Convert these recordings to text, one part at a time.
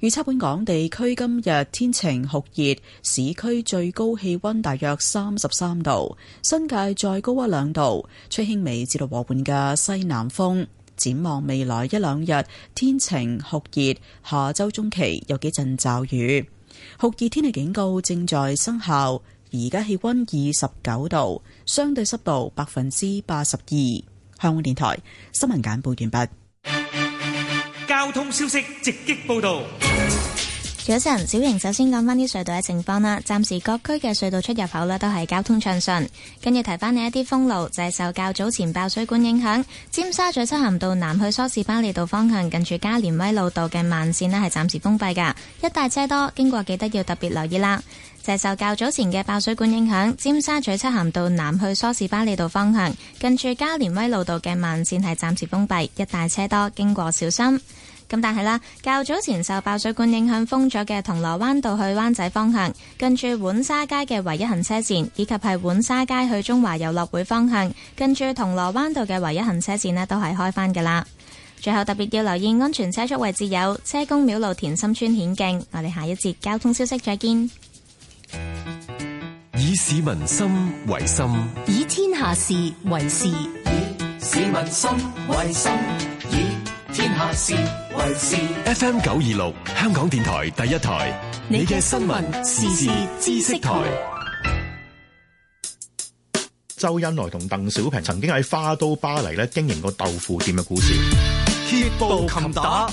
預測本港地區今日天晴酷熱，市區最高氣溫大約三十三度，新界再高一兩度，吹輕微至到和緩嘅西南風。展望未來一兩日，天晴酷熱，下周中期有幾陣驟雨。酷熱天氣警告正在生效，而家氣溫二十九度，相對濕度百分之八十二。香港電台新聞簡報完畢。交通消息直擊報道。早晨，小瑩首先講翻啲隧道嘅情況啦。暫時各區嘅隧道出入口咧都係交通暢順。跟住提翻你一啲封路，就係受較早前爆水管影響，尖沙咀漆咸道南去梳士巴利道方向近住加連威老道嘅慢線咧係暫時封閉噶，一帶車多，經過記得要特別留意啦。就係受較早前嘅爆水管影響，尖沙咀漆咸道南去梳士巴利道方向近住加連威老道嘅慢線係暫時封閉，一帶車多，經過小心。咁但係啦，較早前受爆水管影響封咗嘅銅鑼灣道去灣仔方向，近住浣沙街嘅唯一行車線，以及係浣沙街去中華遊樂會方向，近住銅鑼灣道嘅唯一行車線咧，都係開翻噶啦。最後特別要留意安全車速位置有車公廟路田心村、顯徑。我哋下一節交通消息再見。以市民心為心，以天下事為事，以市民心為心。天下事為事，FM 九二六香港電台第一台，你嘅新聞時事知識台。周恩來同鄧小平曾經喺花都巴黎咧，經營過豆腐店嘅故事。鐵步擒打，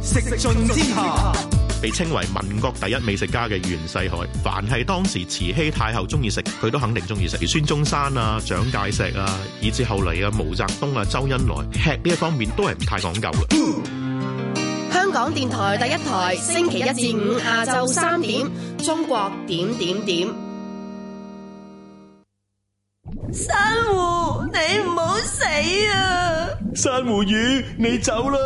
食盡天下。被稱為民國第一美食家嘅袁世凱，凡係當時慈禧太后中意食，佢都肯定中意食。而孫中山啊、蔣介石啊，以至後嚟啊、毛澤東啊、周恩來，吃呢一方面都係唔太講究嘅。嗯、香港電台第一台，星期一至五，下晝三點，中國點點點。珊瑚，你唔好死啊！珊瑚魚，你走啦！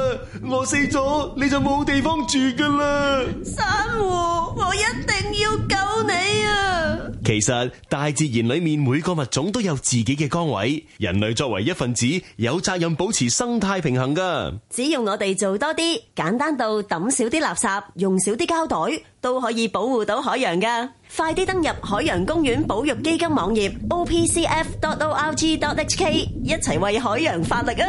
我死咗，你就冇地方住噶啦！珊瑚，我一定要救你啊！其實大自然裏面每個物種都有自己嘅崗位，人類作為一分子，有責任保持生態平衡噶。只要我哋做多啲簡單到抌少啲垃圾、用少啲膠袋，都可以保護到海洋噶。快啲登入海洋公園保育基金網頁 o p c f dot o r g dot h k，一齊為海洋發力啊！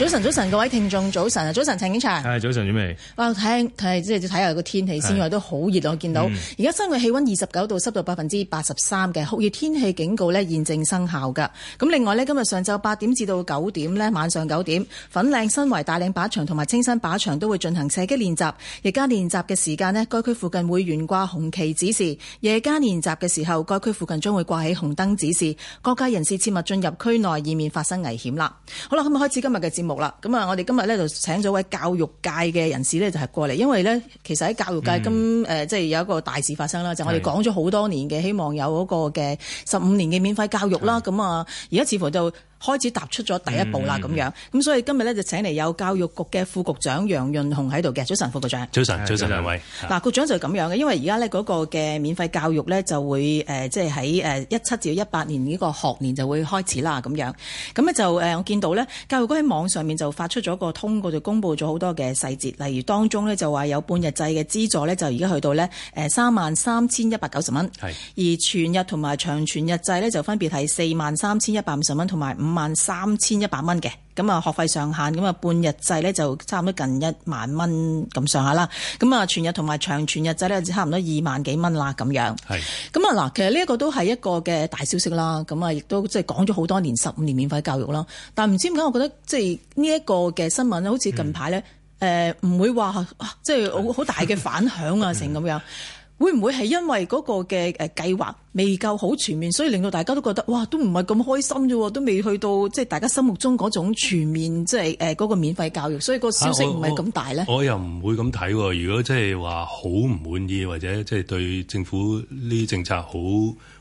早晨，早晨，各位聽眾早晨啊！早晨，陳景祥。係早晨準備，婉薇。哇，睇睇即係睇下個天氣先因為都好熱啊！的我見到，而家室外氣溫二十九度，濕度百分之八十三嘅酷熱天氣警告咧現正生效噶，咁另外咧，今日上晝八點至到九點咧，晚上九點粉嶺新圍大嶺靶，靶場同埋青山靶場都會進行射擊練習，日間練習嘅時間咧，該區附近會懸掛紅旗指示；夜間練習嘅時候，該區附近將會掛起紅燈指示，各界人士切勿進入區內以免發生危險啦。好啦，咁開始今日嘅節目。啦，咁啊，我哋今日咧就請咗位教育界嘅人士咧，就係過嚟，因為咧，其實喺教育界今誒，即係有一個大事發生啦，嗯、就係我哋講咗好多年嘅，希望有嗰個嘅十五年嘅免費教育啦，咁啊的，而家似乎就。開始踏出咗第一步啦，咁樣咁、嗯嗯嗯、所以今日咧就請嚟有教育局嘅副局長楊潤雄喺度嘅，早晨副局長。早晨，早晨兩位。嗱，局長就係咁樣嘅，因為而家呢嗰個嘅免費教育呢，就會誒，即係喺誒一七至一八年呢個學年就會開始啦，咁樣咁呢就誒，我見到呢，教育局喺網上面就發出咗個通告，就公布咗好多嘅細節，例如當中呢，就話有半日制嘅資助呢，就而家去到呢，誒三萬三千一百九十蚊，而全日同埋長全日制呢，就分別係四萬三千一百五十蚊同埋五。萬三千一百蚊嘅，咁啊學費上限，咁啊半日制咧就差唔多近一萬蚊咁上下啦，咁啊全日同埋長全日制咧就差唔多二萬幾蚊啦咁樣。係是，咁啊嗱，其實呢一個都係一個嘅大消息啦，咁啊亦都即係講咗好多年，十五年免費教育啦，但唔知點解我覺得即係呢一個嘅新聞咧，好似近排咧，誒唔會話即係好好大嘅反響啊成咁樣。 嗯會唔會係因為嗰個嘅誒計劃未夠好全面，所以令到大家都覺得哇，都唔係咁開心啫，都未去到即係大家心目中嗰種全面，即係誒嗰個免費教育，所以個消息唔係咁大咧？啊，我又唔會咁睇，如果即係話好唔滿意，或者即係對政府呢啲政策好。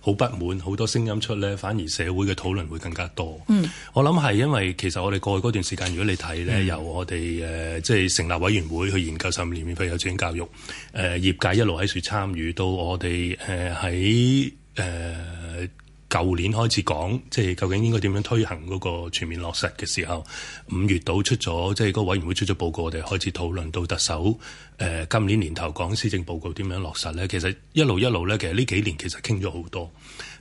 好不滿，好多聲音出咧，反而社會嘅討論會更加多。嗯，我諗係因為其實我哋過去嗰段時間，如果你睇咧，嗯、由我哋誒、呃，即係成立委員會去研究十五年免費幼稚園教育，誒、呃，業界一路喺處參與，到我哋誒喺誒。呃舊年開始講，即係究竟應該點樣推行嗰個全面落實嘅時候，五月度出咗，即係嗰個委員會出咗報告，我哋開始討論到特首誒今年年頭講施政報告點樣落實咧。其實一路一路咧，其實呢幾年其實傾咗好多。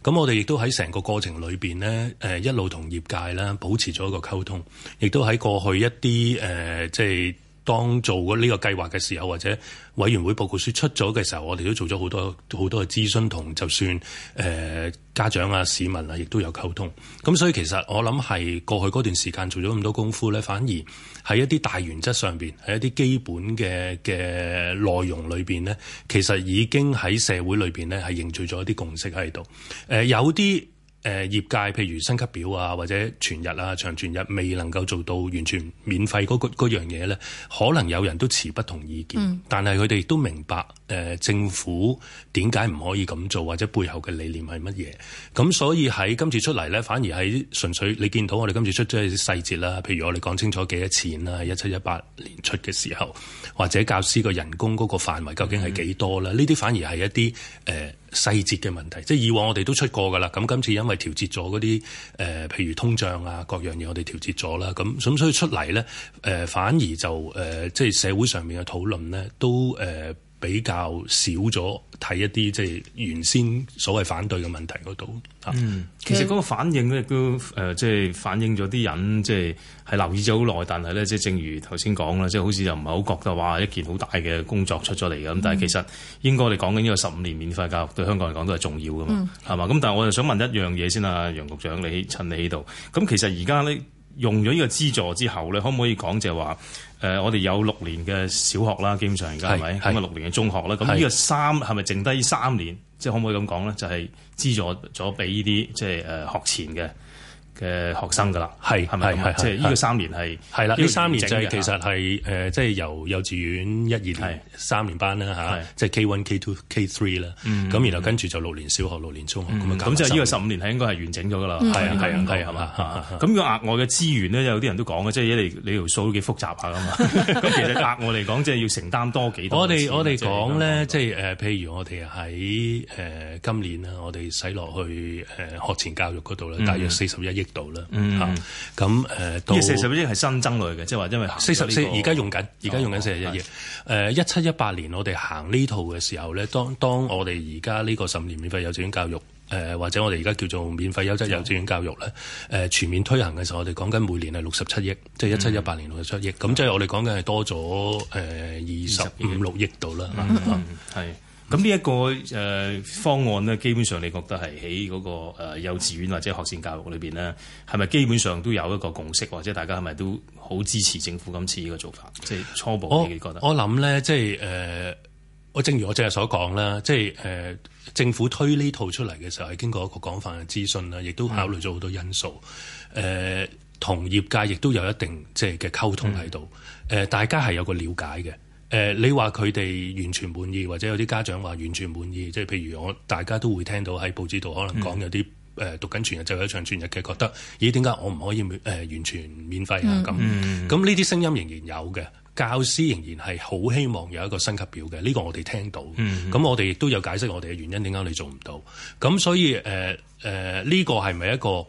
咁我哋亦都喺成個過程裏邊咧，誒一路同業界啦，保持咗一個溝通，亦都喺過去一啲誒即係。當做過呢個計劃嘅時候，或者委員會報告書出咗嘅時候，我哋都做咗好多好多嘅諮詢，同就算誒、呃、家長啊、市民啊，亦都有溝通。咁所以其實我諗係過去嗰段時間做咗咁多功夫呢，反而喺一啲大原則上邊，喺一啲基本嘅嘅內容裏邊呢，其實已經喺社會裏邊呢，係凝聚咗一啲共識喺度。誒、呃、有啲。誒、呃、業界譬如薪級表啊，或者全日啊、長全日未能夠做到完全免費嗰、那個、樣嘢呢，可能有人都持不同意見。嗯、但係佢哋都明白誒、呃、政府點解唔可以咁做，或者背後嘅理念係乜嘢。咁所以喺今次出嚟呢，反而係純粹你見到我哋今次出咗啲細節啦，譬如我哋講清楚幾多錢啦，一七一八年出嘅時候。或者教師個人工嗰個範圍究竟係幾多咧？呢啲 反而係一啲誒、呃、細節嘅問題。即係以往我哋都出過㗎啦。咁今次因為調節咗嗰啲誒，譬如通脹啊各樣嘢，我哋調節咗啦。咁咁所以出嚟咧，誒、呃、反而就誒、呃、即係社會上面嘅討論咧都誒。呃比較少咗睇一啲即係原先所謂反對嘅問題嗰度啊，其實嗰個反應咧，都、呃、誒即係反映咗啲人即係係留意咗好耐，但係咧即係正如頭先講啦，即係好似又唔係好覺得哇一件好大嘅工作出咗嚟嘅咁，嗯、但係其實應該我哋講緊呢個十五年免費教育對香港嚟講都係重要噶嘛，係嘛、嗯？咁但係我就想問一樣嘢先啦、啊，楊局長，你趁你喺度，咁其實而家咧用咗呢個資助之後咧，可唔可以講就係話誒、呃，我哋有六年嘅小學啦，基本上而家係咪？咁咪、嗯、六年嘅中學啦，咁呢個三係咪剩低三年？是即係可唔可以咁講咧？就係、是、資助咗俾呢啲即係誒學前嘅。嘅學生噶啦，係係係，即係呢個三年係係啦，呢三年就其實係誒，即係由幼稚園一二年三年班啦吓，即係 K one、K two、K three 啦，咁然後跟住就六年小學、六年中學咁樣，咁就呢個十五年係應該係完整咗噶啦，係啊係啊係係嘛。咁個額外嘅資源咧，有啲人都講嘅，即係依你條數都幾複雜下噶嘛，咁其實額外嚟講，即係要承擔多幾多，我哋我哋講咧，即係誒，譬如我哋喺誒今年啊，我哋使落去誒學前教育嗰度咧，大約四十一億，度啦，嚇，咁誒，而四十億億係新增來嘅，即係話因為四十四而家用緊，而家用緊四十一億。誒一七一八年我哋行呢套嘅時候咧，當當我哋而家呢個十五年免費幼稚園教育，誒、呃、或者我哋而家叫做免費優質幼稚園教育咧，誒、呃、全面推行嘅時候，我哋講緊每年係六十七億，即係一七一八年六十七億，咁即係我哋講緊係多咗誒二十五六億度啦，嚇咁呢一個誒、呃、方案咧，基本上你覺得係喺嗰個、呃、幼稚園或者學前教育裏邊咧，係咪基本上都有一個共識，或者大家係咪都好支持政府今次呢個做法？即係初步，你覺得我？我諗咧，即係誒，我、呃、正如我近日所講啦，即係誒、呃，政府推呢套出嚟嘅時候係經過一個廣泛嘅諮詢啦，亦都考慮咗好多因素，誒、嗯呃，同業界亦都有一定即係嘅溝通喺度，誒、嗯呃，大家係有個了解嘅。誒、呃，你話佢哋完全滿意，或者有啲家長話完全滿意，即係譬如我大家都會聽到喺報紙度可能講、嗯、有啲誒、呃、讀緊全日就有一場全日嘅，覺得咦點解我唔可以免、呃、完全免費啊？咁咁呢啲聲音仍然有嘅，教師仍然係好希望有一個薪級表嘅，呢、這個我哋聽到。咁、嗯、我哋亦都有解釋我哋嘅原因點解你做唔到。咁所以誒誒呢個係咪一個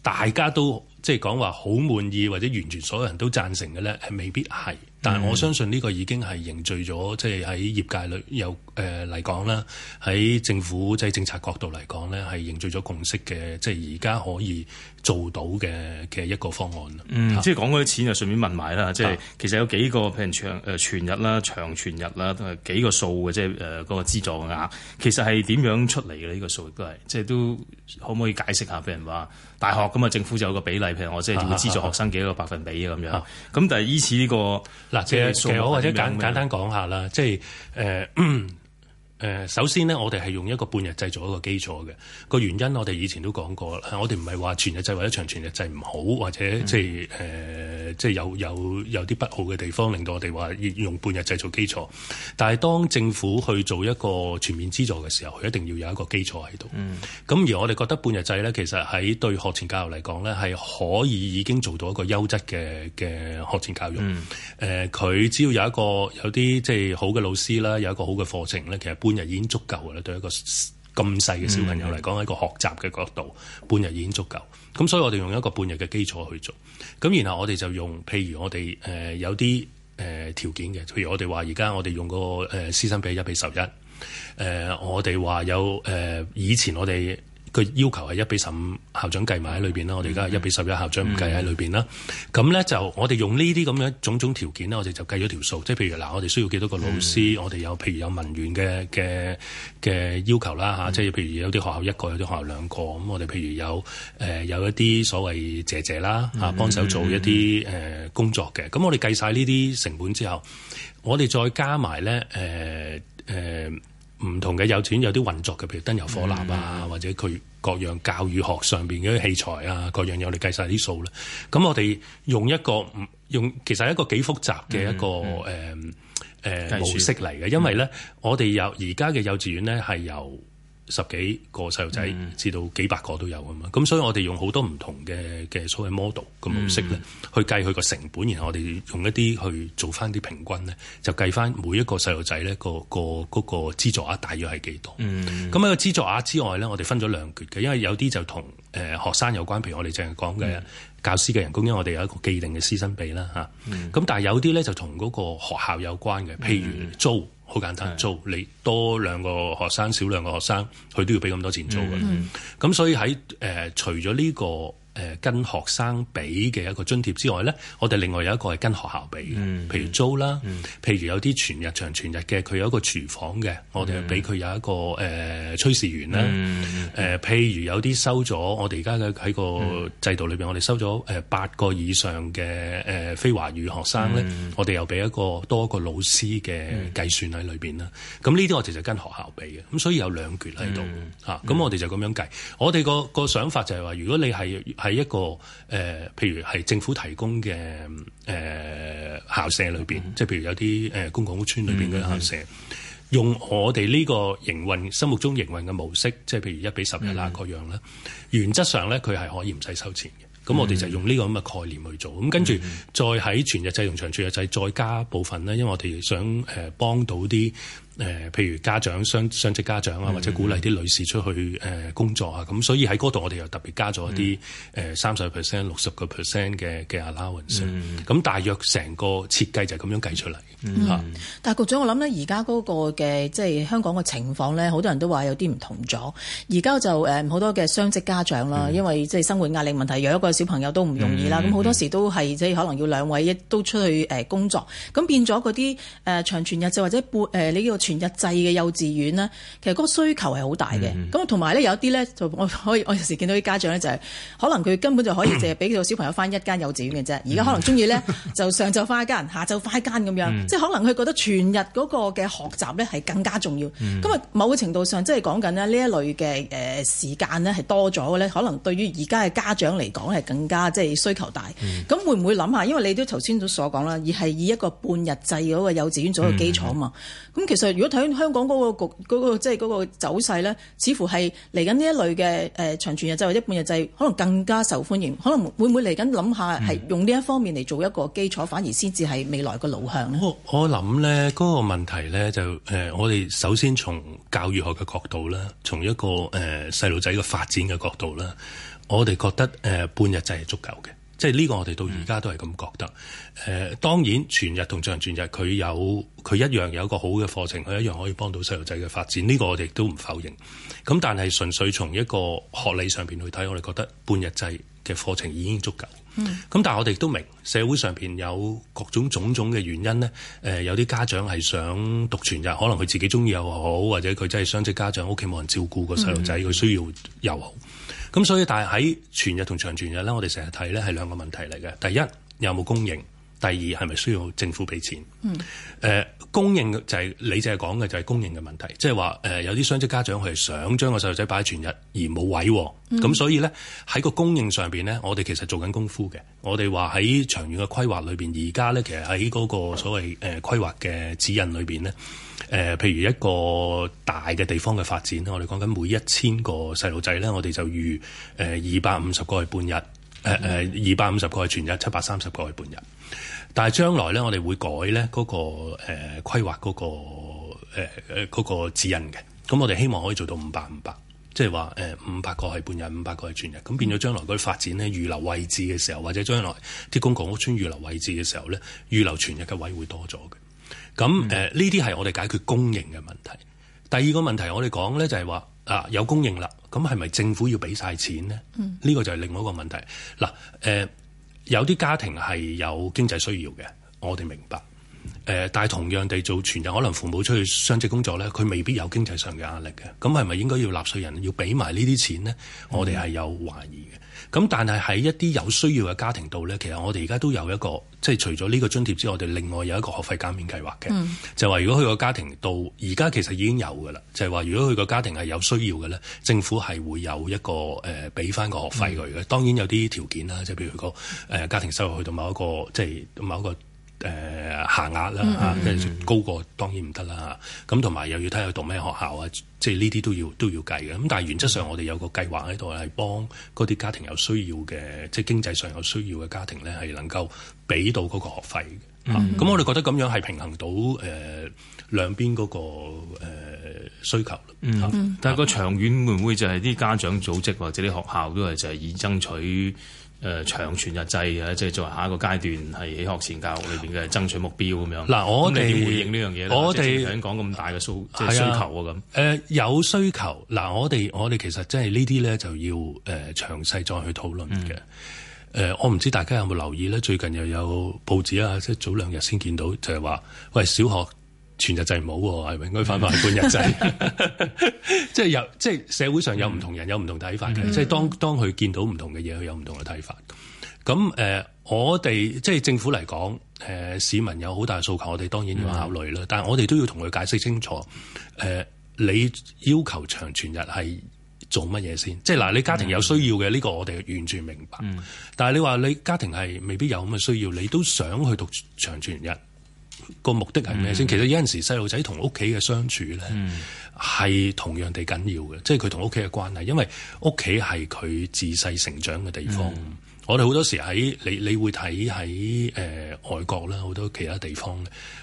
大家都？即係講話好滿意或者完全所有人都贊成嘅咧，係未必係，但係我相信呢個已經係凝聚咗，即係喺業界裏有誒嚟講啦，喺、呃、政府即係政策角度嚟講咧，係凝聚咗共識嘅，即係而家可以做到嘅嘅一個方案嗯，即係講嗰啲錢就順便問埋啦。即係其實有幾個譬如長誒全日啦、長全日啦，幾個數嘅，即係誒個資助額，其實係點樣出嚟嘅呢個數都係，即係都可唔可以解釋下俾人話大學咁啊？政府就有個比例。譬如我即係會資助學生幾多個百分比咁樣，咁、啊啊、但係依次呢、這個嗱，即係其實我或者簡麼簡單講下啦，即係誒。呃 誒、呃，首先呢，我哋係用一個半日制做一個基礎嘅個原因，我哋以前都講過，我哋唔係話全日制或者長全日制唔好，或者即係誒即係有有有啲不好嘅地方，令到我哋話要用半日制做基礎。但係當政府去做一個全面資助嘅時候，佢一定要有一個基礎喺度。咁、嗯、而我哋覺得半日制咧，其實喺對學前教育嚟講咧，係可以已經做到一個優質嘅嘅學前教育。誒、嗯，佢、呃、只要有一個有啲即係好嘅老師啦，有一個好嘅課程咧，其實半。半日已經足夠啦，對一個咁細嘅小朋友嚟講，喺、mm hmm. 一個學習嘅角度，半日已經足夠。咁所以我哋用一個半日嘅基礎去做。咁然後我哋就用，譬如我哋誒、呃、有啲誒、呃、條件嘅，譬如我哋話而家我哋用、嗰個誒師、呃、生比一比十一、呃。誒我哋話有誒、呃、以前我哋。個要求係一比十五，校長計埋喺裏邊啦，我哋而家係一比十一，校長唔計喺裏邊啦。咁咧就我哋用呢啲咁樣種種條件咧，我哋就計咗條數。即係譬如嗱，我哋需要幾多個老師？嗯、我哋有，譬如有文員嘅嘅嘅要求啦吓、啊，即係譬如有啲學校一個，有啲學校兩個。咁我哋譬如有誒、呃、有一啲所謂姐姐啦嚇、啊，幫手做一啲誒、呃、工作嘅。咁、嗯嗯、我哋計晒呢啲成本之後，我哋再加埋咧誒誒。呃呃呃唔同嘅幼稚園有啲運作嘅，譬如燈油火蠟啊，嗯、或者佢各樣教育學上邊嘅啲器材啊，嗯、各樣有嚟計晒啲數啦。咁、嗯、我哋用一個唔用，其實係一個幾複雜嘅一個誒誒、嗯嗯呃、模式嚟嘅，嗯、因為咧、嗯、我哋有而家嘅幼稚園咧係由十幾個細路仔至到幾百個都有啊嘛，咁 所以我哋用好多唔同嘅嘅所謂 model 嘅模式咧， 去計佢個成本，然後我哋用一啲去做翻啲平均咧，就計翻每一個細路仔咧個個嗰、嗰個資助額大約係幾多？咁喺 個資助額之外咧，我哋分咗兩橛嘅，因為有啲就同誒學生有關，譬如我哋淨係講嘅教師嘅人工，因為我哋有一個既定嘅師生比啦嚇。咁 但係有啲咧就同嗰個學校有關嘅，譬如租。好簡單，租你多兩個學生，少兩個學生，佢都要俾咁多錢租嘅。咁、嗯嗯、所以喺誒、呃，除咗呢個。誒跟學生俾嘅一個津貼之外咧，我哋另外有一個係跟學校俾嘅，譬、嗯、如租啦，譬、嗯、如有啲全日長全日嘅，佢有一個廚房嘅，我哋要俾佢有一個誒炊事員啦。誒譬、嗯呃、如有啲收咗，我哋而家嘅喺個制度裏邊，我哋收咗誒八個以上嘅誒非華語學生咧，嗯、我哋又俾一個多一個老師嘅計算喺裏邊啦。咁呢啲我哋就跟學校俾嘅，咁所以有兩橛喺度嚇。咁、嗯啊、我哋就咁樣計，我哋個個想法就係話，如果你係喺一個誒、呃，譬如係政府提供嘅誒、呃、校舍裏邊，即係、mm hmm. 譬如有啲誒公共屋邨裏邊嗰啲校舍，mm hmm. 用我哋呢個營運心目中營運嘅模式，即係譬如一比十一啦嗰樣啦，原則上咧佢係可以唔使收錢嘅。咁我哋就用呢個咁嘅概念去做。咁、mm hmm. 跟住再喺全日制用長全日制再加部分咧，因為我哋想誒、呃、幫到啲。誒，譬如家長雙雙職家長啊，或者鼓勵啲女士出去誒工作啊，咁、嗯、所以喺嗰度我哋又特別加咗一啲誒三十 percent、六十個 percent 嘅嘅 allowance，咁、嗯、大約成個設計就係咁樣計出嚟嚇。嗯、是但係局長，我諗呢而家嗰個嘅即係香港嘅情況咧，好多人都話有啲唔同咗。而家就誒好多嘅雙職家長啦，嗯、因為即係生活壓力問題，有一個小朋友都唔容易啦。咁好、嗯嗯、多時都係即係可能要兩位都出去誒工作，咁變咗嗰啲誒長全日就或者半誒呢個。呃呃呃呃呃呃呃呃全日制嘅幼稚園呢，其實嗰個需求係好大嘅。咁同埋咧，有啲咧就我可以我有時見到啲家長咧、就是，就係可能佢根本就可以淨係畀個小朋友返一間幼稚園嘅啫。嗯、而家可能鍾意咧， 就上晝返一間，下晝返一間咁樣，嗯、即係可能佢覺得全日嗰個嘅學習咧係更加重要。咁啊、嗯，某個程度上即係講緊咧呢一類嘅誒時間咧係多咗嘅咧，可能對於而家嘅家長嚟講係更加即係需求大。咁、嗯、會唔會諗下？因為你都頭先所講啦，而係以一個半日制嗰個幼稚園做一個基礎啊嘛。咁、嗯、其實。如果睇香港嗰個局嗰個即係嗰個走勢咧，似乎係嚟緊呢一類嘅誒長全日制或者半日制，可能更加受歡迎。可能會唔會嚟緊諗下係用呢一方面嚟做一個基礎，嗯、反而先至係未來個路向咧？我諗咧嗰個問題咧就誒、呃，我哋首先從教育學嘅角度啦，從一個誒細路仔嘅發展嘅角度啦，我哋覺得誒、呃、半日制係足夠嘅。即係呢個，我哋到而家都係咁覺得。誒、呃，當然全日同長全日，佢有佢一樣有一個好嘅課程，佢一樣可以幫到細路仔嘅發展。呢、這個我哋亦都唔否認。咁但係純粹從一個學理上邊去睇，我哋覺得半日制嘅課程已經足夠。咁、嗯、但係我哋亦都明社會上邊有各種種種嘅原因咧，誒、呃、有啲家長係想讀全日，可能佢自己中意又好，或者佢真係雙職家長，屋企冇人照顧個細路仔，佢需要又好。咁所以但係喺全日同長全日咧，我哋成日睇咧係兩個問題嚟嘅。第一有冇供應，第二係咪需要政府俾錢？嗯，誒、呃。供應就係你淨係講嘅，就係供應嘅問題，即係話誒有啲雙職家長佢係想將個細路仔擺喺全日而冇位，咁、嗯、所以咧喺個供應上邊咧，我哋其實做緊功夫嘅。我哋話喺長遠嘅規劃裏邊，而家咧其實喺嗰個所謂誒規劃嘅指引裏邊咧，誒、呃、譬如一個大嘅地方嘅發展，我哋講緊每一千個細路仔咧，我哋就預誒二百五十個係半日，誒誒二百五十個係全日，七百三十個係半日。但係將來咧，我哋會改咧、那、嗰個誒、呃、規劃嗰、那個誒、呃呃那個、指引嘅。咁我哋希望可以做到五百五百，即係話誒五百個係半日，五百個係全日。咁變咗將來嗰啲發展咧，預留位置嘅時候，或者將來啲公共屋邨預留位置嘅時候咧，預留全日嘅位會多咗嘅。咁誒呢啲係我哋解決供應嘅問題。第二個問題我哋講咧，就係話啊有供應啦，咁係咪政府要俾晒錢咧？呢、嗯、個就係另外一個問題。嗱誒。呃呃有啲家庭係有經濟需要嘅，我哋明白。誒、呃，但係同樣地做全人，可能父母出去雙職工作咧，佢未必有經濟上嘅壓力嘅。咁係咪應該要納稅人要俾埋呢啲錢咧？我哋係有懷疑嘅。咁、嗯、但係喺一啲有需要嘅家庭度咧，其實我哋而家都有一個，即係除咗呢個津貼之外，我哋另外有一個學費減免計劃嘅，嗯、就話如果佢個家庭到而家其實已經有㗎啦，就係話如果佢個家庭係有需要嘅咧，政府係會有一個誒俾翻個學費佢嘅。嗯、當然有啲條件啦，即係譬如佢個誒家庭收入去到某一個即係某一個。誒、呃、下壓啦嚇，跟、mm hmm. 高過當然唔得啦。咁同埋又要睇佢讀咩學校啊，即係呢啲都要都要計嘅。咁但係原則上，我哋有個計劃喺度係幫嗰啲家庭有需要嘅，即係經濟上有需要嘅家庭咧，係能夠俾到嗰個學費。咁、mm hmm. 啊、我哋覺得咁樣係平衡到誒、呃、兩邊嗰、嗰個、呃、需求。啊 mm hmm. 但係個長遠會唔會就係啲家長組織或者啲學校都係就係以爭取？誒、呃、長全日制啊，即係作為下一個階段係喺學前教育裏邊嘅爭取目標咁樣。嗱，我哋回應呢樣嘢，我哋想講咁大嘅數、啊、需求咁、啊。誒、呃、有需求，嗱我哋我哋其實即係呢啲咧就要誒、呃、詳細再去討論嘅。誒、嗯呃、我唔知大家有冇留意咧，最近又有報紙啊，即係早兩日先見到，就係、是、話喂小學。全日制唔好喎、啊，係咪應該返返半日制？ 即係有即係社會上有唔同人、嗯、有唔同睇法嘅、嗯呃，即係當當佢見到唔同嘅嘢，佢有唔同嘅睇法。咁誒，我哋即係政府嚟講，誒、呃、市民有好大訴求，我哋當然要考慮啦。嗯、但係我哋都要同佢解釋清楚，誒、呃、你要求長全日係做乜嘢先？嗯、即係嗱，你家庭有需要嘅呢、呢個，我哋完全明白。嗯嗯、但係你話你家庭係未必有咁嘅需要，你都想去讀長全日。個目的係咩先？其實有陣時細路仔同屋企嘅相處咧，係同樣地緊要嘅，即係佢同屋企嘅關係，因為屋企係佢自細成長嘅地方。嗯我哋好多時喺你，你會睇喺誒外國啦，好多其他地方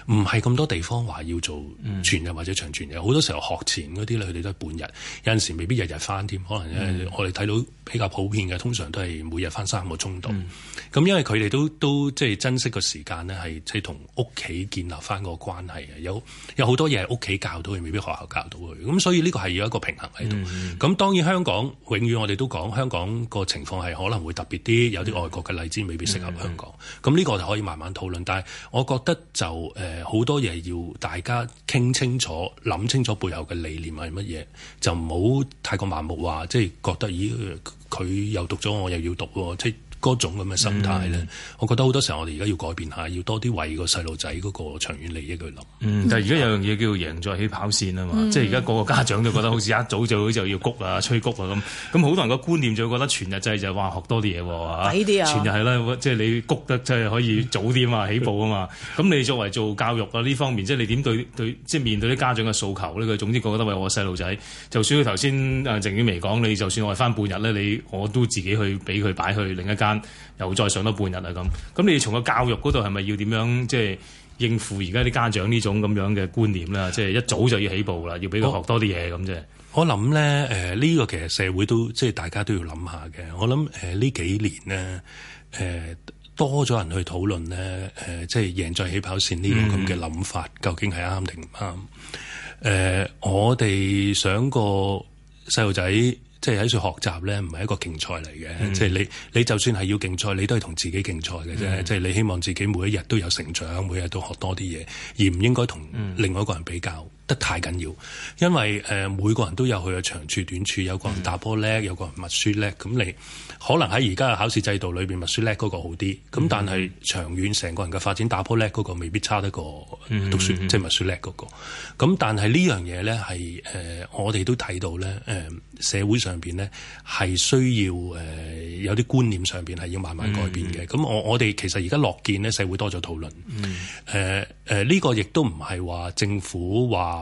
唔係咁多地方話要做全日或者長全日。好多時候學前嗰啲咧，佢哋都係半日，有陣時未必日日翻添。可能、嗯、我哋睇到比較普遍嘅，通常都係每日翻三個鐘度。咁、嗯、因為佢哋都都即係、就是、珍惜個時間咧，係即係同屋企建立翻個關係啊。有有好多嘢喺屋企教到佢，未必學校教到佢。咁所以呢個係要一個平衡喺度。咁、嗯、當然香港永遠我哋都講香港個情況係可能會特別啲。有啲外國嘅例子未必適合香港，咁呢、mm hmm. 個就可以慢慢討論。但係我覺得就誒好、呃、多嘢要大家傾清楚、諗清楚背後嘅理念係乜嘢，就唔好太過盲目話，即係覺得咦佢又讀咗，我又要讀喎、哦，即係嗰種咁嘅心態咧，嗯、我覺得好多時候我哋而家要改變下，要多啲為個細路仔嗰個長遠利益去諗、嗯。但係而家有樣嘢叫贏在起跑線啊嘛，嗯、即係而家個個家長都覺得好似一早就就要谷啊、 催谷啊咁。咁好多人個觀念就會覺得全日制就係話學多啲嘢喎，全日制咧即係你谷得即係可以早啲嘛 起步啊嘛。咁你作為做教育啊呢方面，即係你點對對即係、就是、面對啲家長嘅訴求咧？佢總之覺得為我細路仔，就算佢頭先啊鄭婉薇講你，就算我係翻半日咧，你我都自己去俾佢擺去另一間。又再上多半日啦！咁咁，你從個教育嗰度係咪要點樣即係、就是、應付而家啲家長呢種咁樣嘅觀念咧？即、就、係、是、一早就要起步啦，要俾佢學多啲嘢，咁啫。我諗咧，誒、呃，呢、這個其實社會都即係大家都要諗下嘅。我諗誒呢幾年咧，誒、呃、多咗人去討論咧，誒、呃、即係贏在起跑線呢個咁嘅諗法，嗯、究竟係啱定唔啱？誒、呃，我哋想個細路仔。即係喺度學習咧，唔係一個競賽嚟嘅。即係、嗯、你，你就算係要競賽，你都係同自己競賽嘅啫。即係、嗯、你希望自己每一日都有成長，每日都學多啲嘢，而唔應該同另外一個人比較得太緊要，因為誒每個人都有佢嘅長處短處，有個人打波叻，有個人默書叻，咁你可能喺而家嘅考試制度裏邊默書叻嗰個好啲，咁但係長遠成個人嘅發展，打波叻嗰個未必差得過讀書，嗯嗯嗯嗯，即係默書叻嗰個。咁但係呢樣嘢咧，係誒我哋都睇到咧，誒社會上邊咧係需要誒有啲觀念上邊係要慢慢改變嘅。咁、嗯嗯嗯嗯、我我哋其實而家樂見咧，社會多咗討論，誒誒呢個亦都唔係話政府話。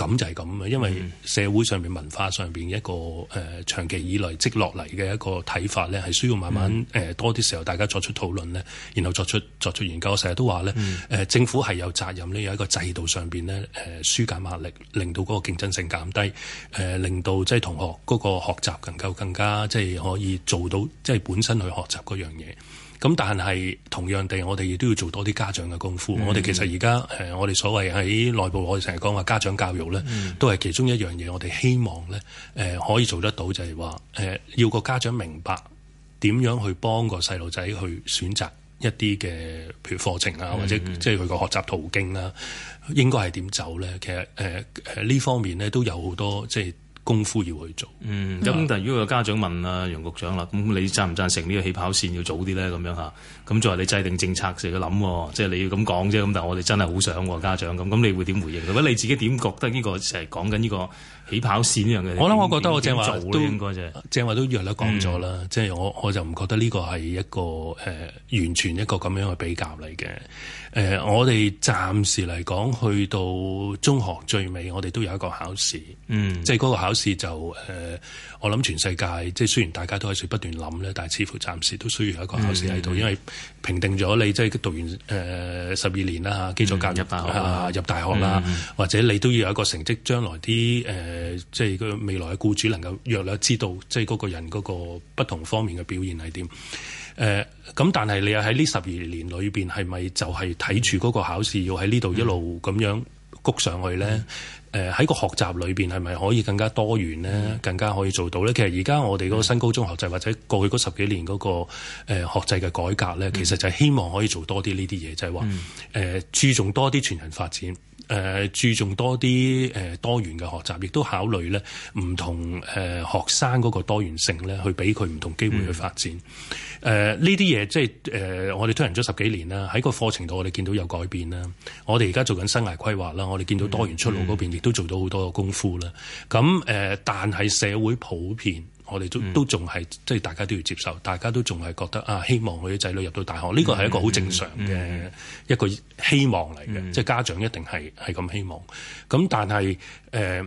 咁就係咁啊，因為社會上面、文化上邊一個誒、呃、長期以來積落嚟嘅一個睇法咧，係需要慢慢誒、呃、多啲時候大家作出討論咧，然後作出作出研究。我成日都話咧，誒、呃、政府係有責任咧，有一個制度上邊咧誒舒減壓力，令到嗰個競爭性減低，誒、呃、令到即係同學嗰個學習能夠更加即係、就是、可以做到即係、就是、本身去學習嗰樣嘢。咁但係同樣地，我哋亦都要做多啲家長嘅功夫。Mm hmm. 我哋其實而家誒，我哋所謂喺內部，我哋成日講話家長教育咧，mm hmm. 都係其中一樣嘢。我哋希望咧，誒、呃、可以做得到，就係話誒要個家長明白點樣去幫個細路仔去選擇一啲嘅譬如課程啊，mm hmm. 或者即係佢個學習途徑啦，應該係點走咧。其實誒誒呢方面咧都有好多即係。功夫要去做。嗯，咁但係如果有家長問啊，楊局長啦，咁你贊唔贊成呢個起跑線要早啲咧？咁樣吓，咁作為你制定政策時嘅諗，即係、哦就是、你要咁講啫。咁但係我哋真係好想、哦、家長咁，咁你會點回應？或者 你自己點覺得呢、呢個成日講緊呢個起跑線呢樣嘅？我諗，我覺得我正話都正話都約略講咗啦。即係、嗯、我我就唔覺得呢個係一個誒、呃、完全一個咁樣嘅比較嚟嘅。誒、呃，我哋暫時嚟講，去到中學最尾，我哋都有一個考試。即係嗰個考。考試就誒、呃，我諗全世界即係，雖然大家都喺度不斷諗咧，但係似乎暫時都需要一個考試喺度，因為評定咗你即係讀完誒十二年啦，基礎教育、嗯、入大學啦，或者你都要有一個成績，將來啲誒、呃、即係個未來嘅僱主能夠約略知道即係嗰個人嗰個不同方面嘅表現係點誒，咁、呃、但係你又喺呢十二年裏邊係咪就係睇住嗰個考試要喺呢度一路咁樣谷上去咧？嗯誒喺、呃、個學習裏邊係咪可以更加多元咧？更加可以做到咧？其實而家我哋嗰個新高中學制或者過去嗰十幾年嗰、嗰個誒、呃、學制嘅改革咧，其實就係希望可以做多啲呢啲嘢，就係話誒注重多啲全人發展。誒、呃、注重多啲誒、呃、多元嘅學習，亦都考慮咧唔同誒、呃、學生嗰個多元性咧，去俾佢唔同機會去發展。誒呢啲嘢即係誒我哋推行咗十幾年啦，喺個課程度我哋見到有改變啦。我哋而家做緊生涯規劃啦，我哋見到多元出路嗰邊亦都做到好多嘅功夫啦。咁誒、呃，但係社會普遍。我哋都都仲係，即係大家都要接受，大家都仲係覺得啊，希望佢啲仔女入到大學，呢個係一個好正常嘅一個希望嚟嘅，嗯嗯、即係家長一定係，係咁希望。咁但係誒。呃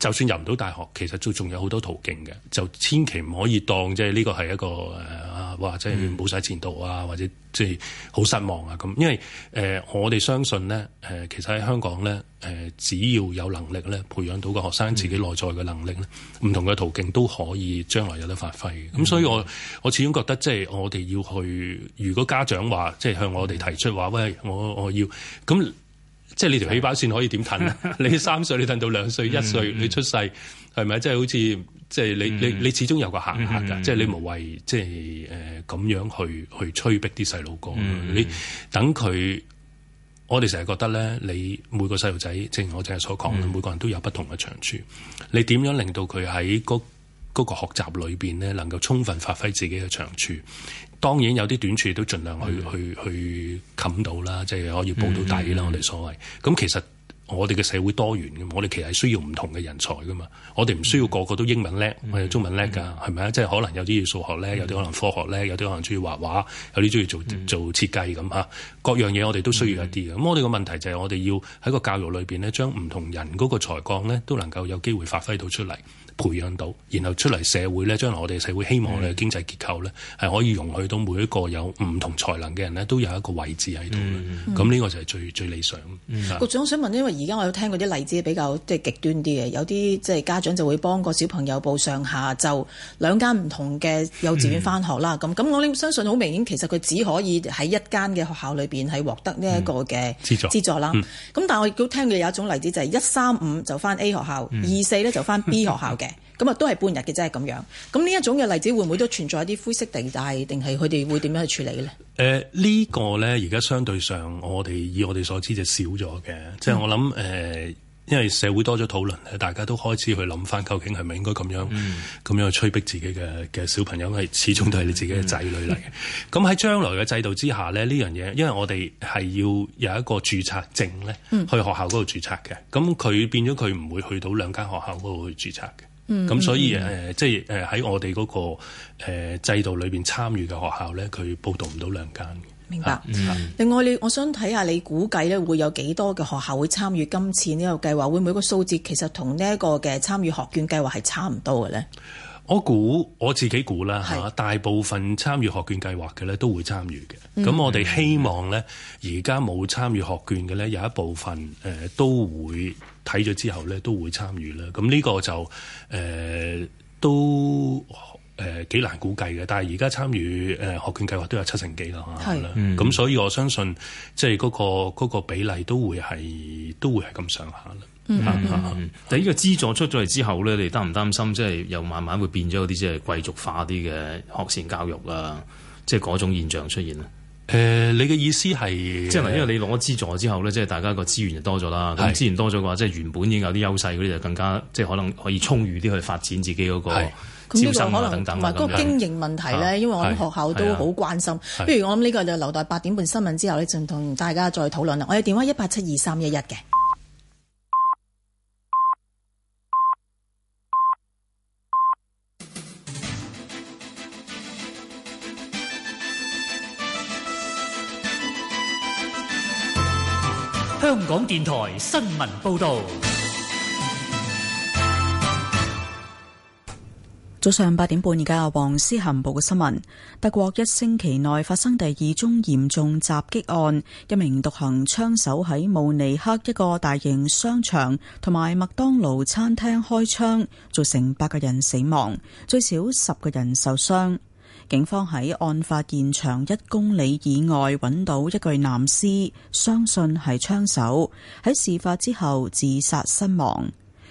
就算入唔到大學，其實都仲有好多途徑嘅，就千祈唔可以當即係呢個係一個誒，或者係冇晒前途啊，或者即係好失望啊咁。因為誒、呃，我哋相信咧，誒、呃、其實喺香港咧，誒、呃、只要有能力咧，培養到個學生自己內在嘅能力，唔、嗯、同嘅途徑都可以將來有得發揮。咁、嗯、所以我我始終覺得即係我哋要去，如果家長話即係向我哋提出話，喂，我我要咁。即係你條起跑線可以點褪啊？你三歲你褪到兩歲一歲你出世係咪？即係好似即係你你你始終有個行唔行噶？即係你無謂即係誒咁樣去去催逼啲細路哥。 你等佢，我哋成日覺得咧，你每個細路仔，正如我成日所講 每個人都有不同嘅長處。你點樣令到佢喺嗰嗰個學習裏邊咧，能夠充分發揮自己嘅長處？當然有啲短處都盡量去、mm hmm. 去去冚到啦，即、就、係、是、可以補到底啦。Mm hmm. 我哋所謂咁，其實我哋嘅社會多元嘅，我哋其實係需要唔同嘅人才噶嘛。我哋唔需要個個都英文叻，mm hmm. 我哋中文叻噶，係咪啊？即、就、係、是、可能有啲要數學叻，有啲可能科學叻，有啲可能中意畫畫，有啲中意做、mm hmm. 做設計咁吓。各樣嘢我哋都需要一啲嘅。咁、mm hmm. 我哋個問題就係我哋要喺個教育裏邊咧，將唔同人嗰個才幹咧，都能夠有機會發揮到出嚟。培養到，然後出嚟社會呢，將來我哋社會希望嘅經濟結構呢，係可以容許到每一個有唔同才能嘅人呢，都有一個位置喺度。咁呢個就係最最理想。局長，想問，因為而家我有聽過啲例子比較即係極端啲嘅，有啲即係家長就會幫個小朋友報上下晝兩間唔同嘅幼稚園返學啦。咁咁，我諗相信好明顯，其實佢只可以喺一間嘅學校裏邊係獲得呢一個嘅資助資助啦。咁但係我亦都聽過有一種例子，就係一三五就返 A 學校，二四呢就返 B 學校嘅。咁啊，都係半日嘅，即係咁樣。咁呢一種嘅例子會唔會都存在一啲灰色地帶？定係佢哋會點樣去處理咧？誒、呃，這個、呢個咧而家相對上我，我哋以我哋所知就少咗嘅。嗯、即係我諗誒、呃，因為社會多咗討論，大家都開始去諗翻，究竟係咪應該咁樣咁、嗯、樣去催逼自己嘅嘅小朋友？係始終都係你自己嘅仔女嚟嘅。咁喺、嗯、將來嘅制度之下咧，呢樣嘢因為我哋係要有一個註冊證咧，去學校嗰度註冊嘅。咁佢、嗯、變咗佢唔會去到兩間學校嗰度去註冊嘅。咁、嗯、所以誒，即係誒喺我哋嗰，那個、呃、制度裏邊參與嘅學校咧，佢報道唔到兩間嘅。明白。啊嗯、另外，你我想睇下你估計咧，會有幾多嘅學校會參與今次呢個計劃？會唔會個數字其實同呢一個嘅參與學券計劃係差唔多嘅咧？我估我自己估啦嚇，啊、是大部分參與學券計劃嘅咧都會參與嘅。咁我哋希望咧，而家冇參與學券嘅咧有一部分誒都會，睇咗之後咧，都會參與啦。咁、這、呢個就誒、呃、都誒幾、呃、難估計嘅。但係而家參與誒、呃、學券計劃都有七成幾啦嚇啦。咁是、嗯、所以我相信，即係嗰個嗰個比例都會係都會係咁上下啦。第嚇呢個資助出咗嚟之後咧，你擔唔擔心即係又慢慢會變咗啲即係貴族化啲嘅學前教育啊？嗯、即係嗰種現象出現咧？誒、呃，你嘅意思係，即係嗱，因為你攞咗資助之後咧，即係大家個資源就多咗啦。咁是資源多咗嘅話，即係原本已經有啲優勢嗰啲，就更加即係可能可以充裕啲去發展自己嗰個招生等等啊。同埋嗰個經營問題咧，是因為我諗學校都好關心。不如我諗呢個就留待八點半新聞之後咧，就同大家再討論啦。我哋電話一八七二三一一嘅。香港電台新聞報道，早上八點半，而家阿黃思涵報嘅新聞。德國一星期內發生第二宗嚴重襲擊案，一名獨行槍手喺慕尼克一個大型商場同埋麥當勞餐廳開槍，造成八個人死亡，最少十個人受傷。警方喺案發現場一公里以外揾到一具男屍，相信係槍手喺事發之後自殺身亡。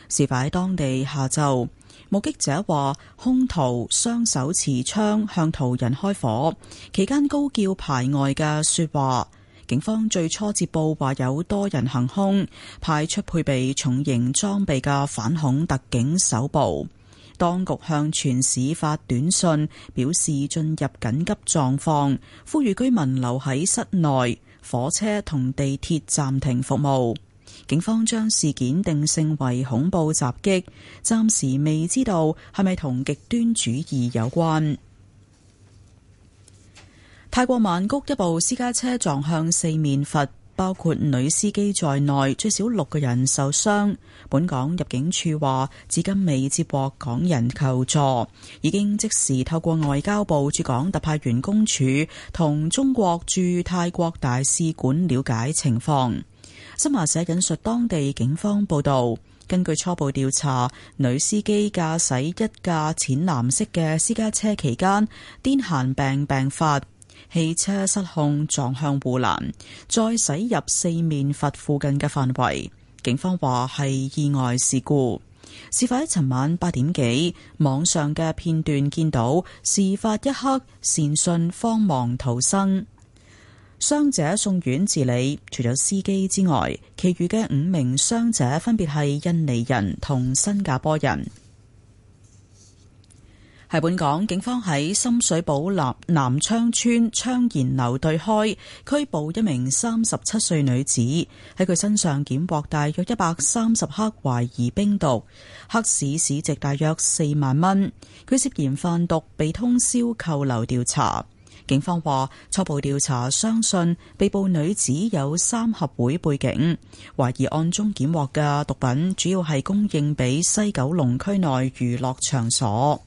事發當地下晝，目擊者話兇徒雙手持槍向途人開火，期間高叫排外嘅説話。警方最初接報話有多人行兇，派出配備重型裝備嘅反恐特警搜捕。當局向全市發短信，表示進入緊急狀況，呼籲居民留喺室內。火車同地鐵暫停服務。警方將事件定性為恐怖襲擊，暫時未知道係咪同極端主義有關。泰國曼谷一部私家車撞向四面佛。包括女司機在內，最少六個人受傷。本港入境處話，至今未接獲港人求助，已經即時透過外交部駐港特派員公署同中國駐泰國大使館了解情況。新華社引述當地警方報道，根據初步調查，女司機駕駛一架淺藍色嘅私家車期間，癲癇病病病發。汽車失控撞向護欄，再駛入四面佛附近嘅範圍。警方話係意外事故。事發喺尋晚八點幾，網上嘅片段見到事發一刻，善信慌忙逃生，傷者送院治理。除咗司機之外，其餘嘅五名傷者分別係印尼人同新加坡人。喺本港，警方喺深水埗立南，南昌村昌賢樓對開拘捕一名三十七歲女子，喺佢身上檢獲大約一百三十克懷疑冰毒，黑市市值大約四萬蚊。佢涉嫌販毒，被通宵扣留調查。警方話初步調查，相信被捕女子有三合會背景，懷疑案中檢獲嘅毒品主要係供應俾西九龍區內娛樂場所。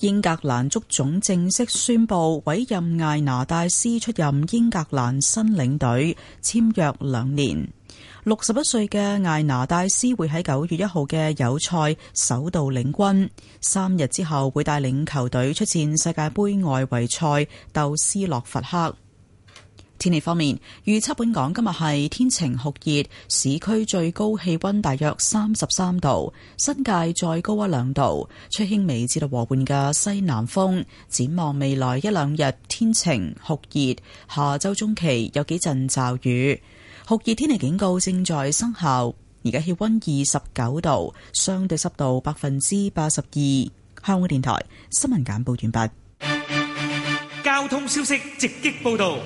英格蘭足總正式宣布委任艾拿戴斯出任英格蘭新領隊，簽約兩年。六十一歲嘅艾拿戴斯會喺九月一號嘅友賽首度領軍，三日之後會帶領球隊出戰世界杯外圍賽，鬥斯洛伐克。天氣方面，預測本港今日係天晴酷熱，市區最高氣温大約三十三度，新界再高一兩度，吹輕微至到和緩嘅西南風。展望未來一兩日天晴酷熱，下周中期有幾陣驟雨。酷熱天氣警告正在生效，而家氣温二十九度，相對濕度百分之八十二。香港電台新聞簡報完畢。交通消息直擊報道。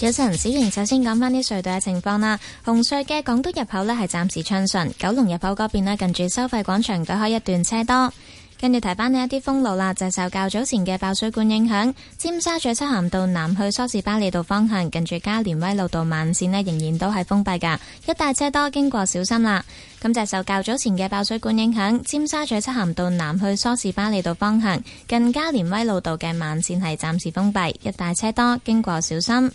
早晨，小瑩首先講返啲隧道嘅情況啦。紅隧嘅港島入口呢係暫時暢順，九龍入口嗰邊呢，近住收費廣場對開一段車多。跟住提返呢一啲封路啦，就係受較早前嘅爆水管影響，尖沙咀漆咸道南去梳士巴利道方向近住加連威路道慢綫呢仍然都係封閉噶。一帶車多，經過小心啦。咁就係受較早前嘅爆水管影響，尖沙咀漆咸道南去梳士巴利道方向近加連威路道嘅慢綫係暫時封閉，一帶車多，經過小心。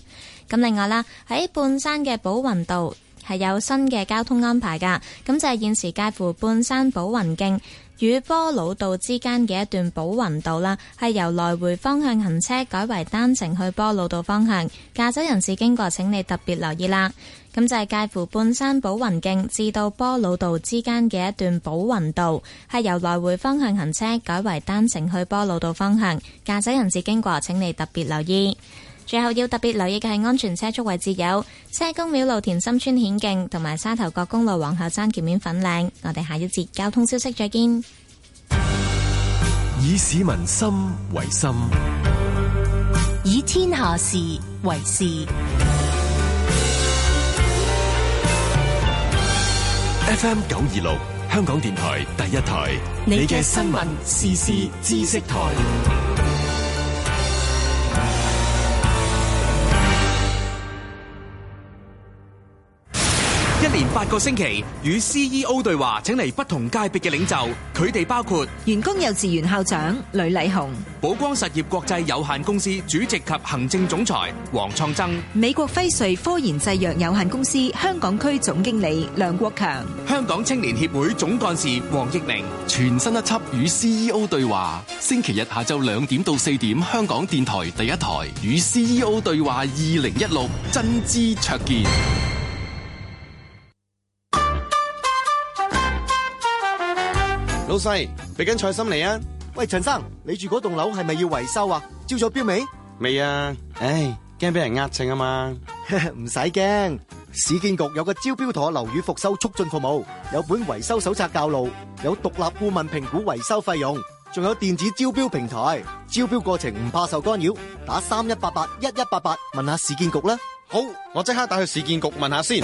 咁另外啦，喺半山嘅寶雲道係有新嘅交通安排㗎。咁就係現時介乎半山寶雲徑與波老道之間嘅一段寶雲道啦，係由來回方向行車改為單程去波老道方向，駕駛人士經過請你特別留意啦。咁就係介乎半山寶雲徑至到波老道之間嘅一段寶雲道，係由來回方向行車改為單程去波老道方向，駕駛人士經過請你特別留意。最後要特別留意嘅係安全車速位置，有車公廟路田心村、顯徑，同埋沙頭角公路皇后山、橋面、粉嶺。我哋下一節交通消息再見。以市民心為心，以天下事為事。F M 九二六香港電台第一台，你嘅新聞時事知識台。一年八個星期與 CEO 對話，請嚟不同界別嘅領袖，佢哋包括：員工幼稚園校長呂麗紅、寶光實業國際有限公司主席及行政總裁黃創曾、創美國輝瑞科研製藥有限公司香港區總經理梁國強、香港青年協會總幹事黃益明。寧全新一輯《與 CEO 對話》，星期日下晝兩點到四點，香港電台第一台《與 CEO 對話》二零一六，真知灼見。老細，俾根菜心嚟啊！喂，陳生，你住嗰棟樓係咪要維修啊？招咗標未？未啊！唉，驚俾人呃秤啊嘛！唔使驚，市建局有個招標妥樓宇復修促進服務，有本維修手冊教路，有獨立顧問評估維修費用，仲有電子招標平台，招標過程唔怕受干擾。打三一八八一一八八問下市建局啦。好，我即刻打去市建局問下先。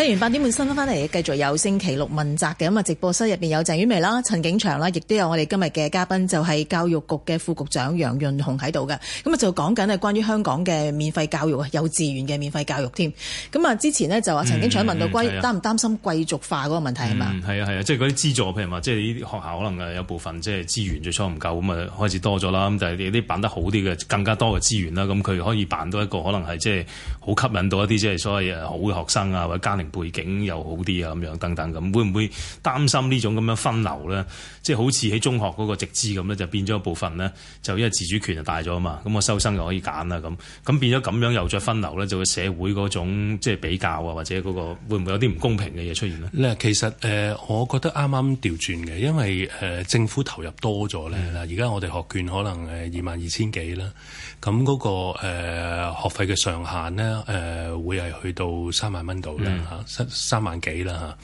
聽完八點半新翻嚟，繼續有星期六問責嘅咁啊！直播室入邊有鄭婉薇啦、陳景祥啦，亦都有我哋今日嘅嘉賓，就係、是、教育局嘅副局長楊潤雄喺度嘅。咁啊，就講緊係關於香港嘅免費教育啊，幼稚園嘅免費教育添。咁啊，之前呢，就話陳景祥問到關擔唔擔心貴族化嗰個問題係嘛？嗯，係啊係啊，即係嗰啲資助，譬如話即係呢啲學校可能有部分即係資源最初唔夠咁啊開始多咗啦，咁但係啲辦得好啲嘅更加多嘅資源啦，咁佢可以辦到一個可能係即係好吸引到一啲即係所謂好嘅學生啊或者家庭。背景又好啲啊，咁樣等等咁，會唔會擔心呢種咁樣分流咧？即係好似喺中學嗰個直資咁咧，就變咗一部分咧，就因為自主權就大咗啊嘛，咁我收生又可以揀啦咁，咁變咗咁樣又再分流咧，就會社會嗰種即係比較啊，或者嗰、嗰個會唔會有啲唔公平嘅嘢出現咧？嗱，其實誒、呃，我覺得啱啱調轉嘅，因為誒、呃、政府投入多咗咧，而家、嗯、我哋學券可能誒二萬二千幾啦，咁嗰、嗰個誒、呃、學費嘅上限咧誒、呃、會係去到三萬蚊度啦嚇。嗯三三萬幾啦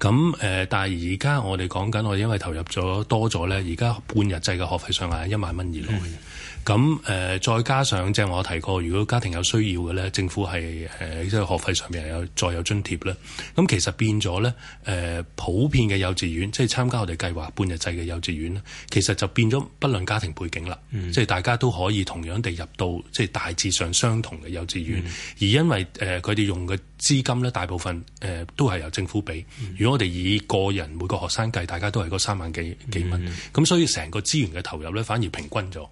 嚇，咁誒，但係而家我哋講緊我因為我投入咗多咗咧，而家半日制嘅學費上限係一萬蚊以內。嗯咁誒，再加上即係我提過，如果家庭有需要嘅咧，政府係誒即係學費上面有再有津貼咧。咁其實變咗咧，誒普遍嘅幼稚園，即係參加我哋計劃半日制嘅幼稚園咧，其實就變咗不論家庭背景啦，即係、mm. 大家都可以同樣地入到即係大致上相同嘅幼稚園，而因為誒佢哋用嘅資金咧，大部分誒都係由政府俾。如果我哋以個人每個學生計，大家都係個三萬幾幾蚊，咁、mm. 所以成個資源嘅投入咧，反而平均咗。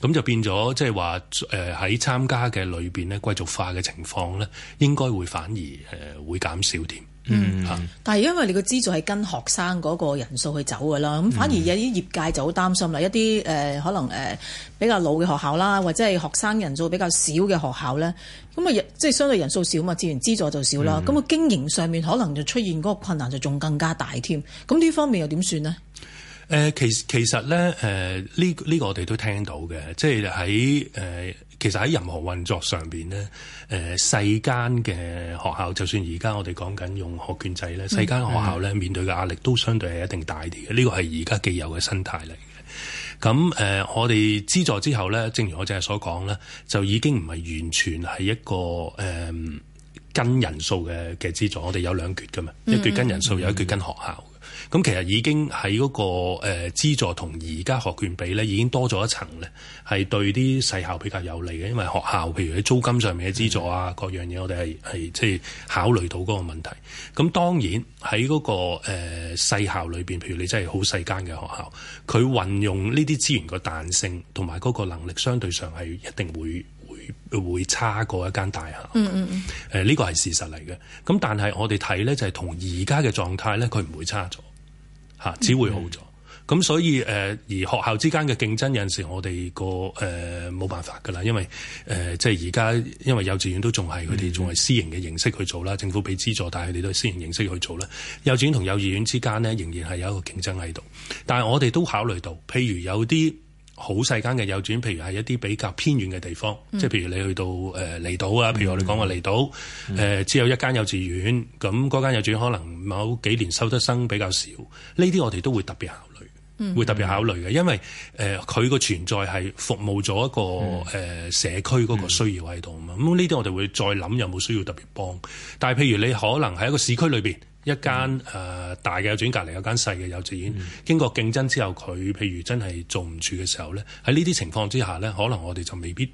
咁就變咗，即係話誒喺參加嘅裏邊咧，貴族化嘅情況咧，應該會反而誒、呃、會減少啲。嗯，啊、但係因為你個資助係跟學生嗰個人數去走㗎啦，咁反而有啲業界就好擔心啦。一啲誒、呃、可能誒、呃、比較老嘅學校啦，或者係學生人數比較少嘅學校咧，咁啊，即係相對人數少嘛，自然資助就少啦。咁啊、嗯，經營上面可能就出現嗰個困難就仲更加大添。咁呢方面又點算呢？誒、呃，其其實咧，誒呢呢個我哋都聽到嘅，即係喺誒，其實喺任何運作上邊咧，誒、呃、世間嘅學校，就算而家我哋講緊用學券制咧，世間學校咧面對嘅壓力都相對係一定大啲嘅。呢個係而家既有嘅生態嚟嘅。咁、嗯、誒、呃，我哋資助之後咧，正如我淨係所講咧，就已經唔係完全係一個誒。呃跟人數嘅嘅資助，我哋有兩缺㗎嘛，一缺跟人數，有一缺跟學校。咁、嗯、其實已經喺嗰個誒資助同而家學券比咧，已經多咗一層咧，係對啲細校比較有利嘅，因為學校譬如喺租金上面嘅資助啊，嗯、各樣嘢我哋係係即係考慮到嗰個問題。咁當然喺嗰、那個誒細校裏邊，譬如你真係好細間嘅學校，佢運用呢啲資源個彈性同埋嗰個能力，相對上係一定會會差過一間大廈，嗯嗯嗯，誒、hmm. 呢、呃這個係事實嚟嘅，咁但係我哋睇咧就係同而家嘅狀態咧，佢唔會差咗，吓只會好咗，咁、mm hmm. 嗯、所以誒、呃、而學校之間嘅競爭有陣時我哋個誒冇、呃、辦法噶啦，因為誒、呃、即係而家因為幼稚園都仲係佢哋仲係私營嘅形式去做啦，mm hmm. 政府俾資助，但係佢哋都係私營形式去做啦，幼稚園同幼稚園之間咧仍然係有一個競爭喺度，但係我哋都考慮到，譬如有啲。好細間嘅幼稚園，譬如係一啲比較偏遠嘅地方，即係、嗯、譬如你去到誒離島啊，譬、呃、如我哋講個離島，誒、嗯呃、只有一間幼稚園，咁、嗯、嗰間幼稚園可能某幾年收得生比較少，呢啲我哋都會特別考慮，會特別考慮嘅，嗯、因為誒佢個存在係服務咗一個誒、呃、社區嗰個需要喺度啊嘛，咁呢啲我哋會再諗有冇需要特別幫，但係譬如你可能喺一個市區裏邊。一間誒、呃、大嘅幼稚園隔離有間細嘅幼稚園，經過競爭之後，佢譬如真係做唔住嘅時候咧，喺呢啲情況之下咧，可能我哋就未必。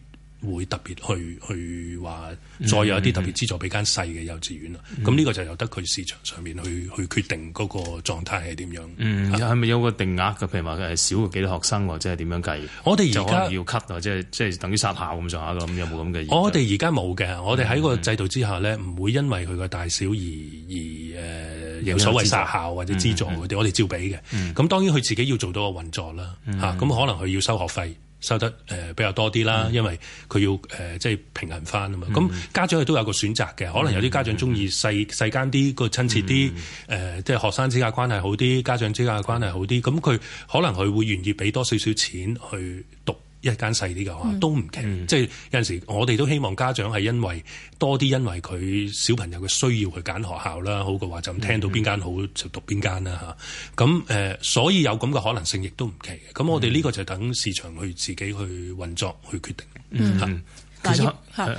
會特別去去話再有一啲特別資助俾間細嘅幼稚園啦，咁呢、mm hmm. 個就由得佢市場上面去去決定嗰個狀態係點樣。嗯、mm，係、hmm. 咪、啊、有個定額嘅？譬如話誒少幾多學生，或者係點樣計？我哋而家要 cut，即係即係等於殺校咁上下咯。咁有冇咁嘅？我哋而家冇嘅。我哋喺個制度之下咧，唔會因為佢個大小而而誒有所謂殺校或者資助、mm hmm. 我哋照俾嘅。咁、mm hmm. 當然佢自己要做到個運作啦。吓、啊，咁可能佢要收學費。收得誒、呃、比較多啲啦，因為佢要誒、呃、即係平衡返啊嘛。咁、嗯、家長佢都有個選擇嘅，可能有啲家長鍾意細細間啲個親切啲誒、嗯呃，即係學生之間關係好啲，家長之間嘅關係好啲，咁佢可能佢會願意俾多少少錢去讀。一間細啲嘅學校都唔奇。嗯、即係有陣時，我哋都希望家長係因為多啲，因為佢小朋友嘅需要去揀學校、嗯、啦。好嘅話就咁聽到邊間好就讀邊間啦吓。咁誒，所以有咁嘅可能性亦都唔奇。咁、嗯、我哋呢個就等市場去自己去運作去決定。嗯，其實吓。嗯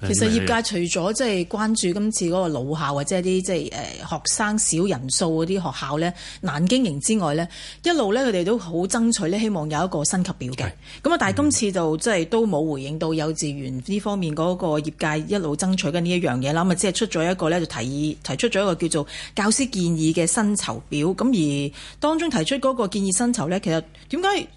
其實業界除咗即係關注今次嗰個老校，或者啲即係誒學生少人數嗰啲學校咧，難經營之外呢，一路呢佢哋都好爭取呢，希望有一個薪級表嘅。咁啊是，但係今次就即係都冇回應到幼稚園呢方面嗰個業界一路爭取緊呢一樣嘢啦。咁啊，只係出咗一個呢，就提提出咗一個叫做教師建議嘅薪酬表。咁而當中提出嗰個建議薪酬呢，其實點解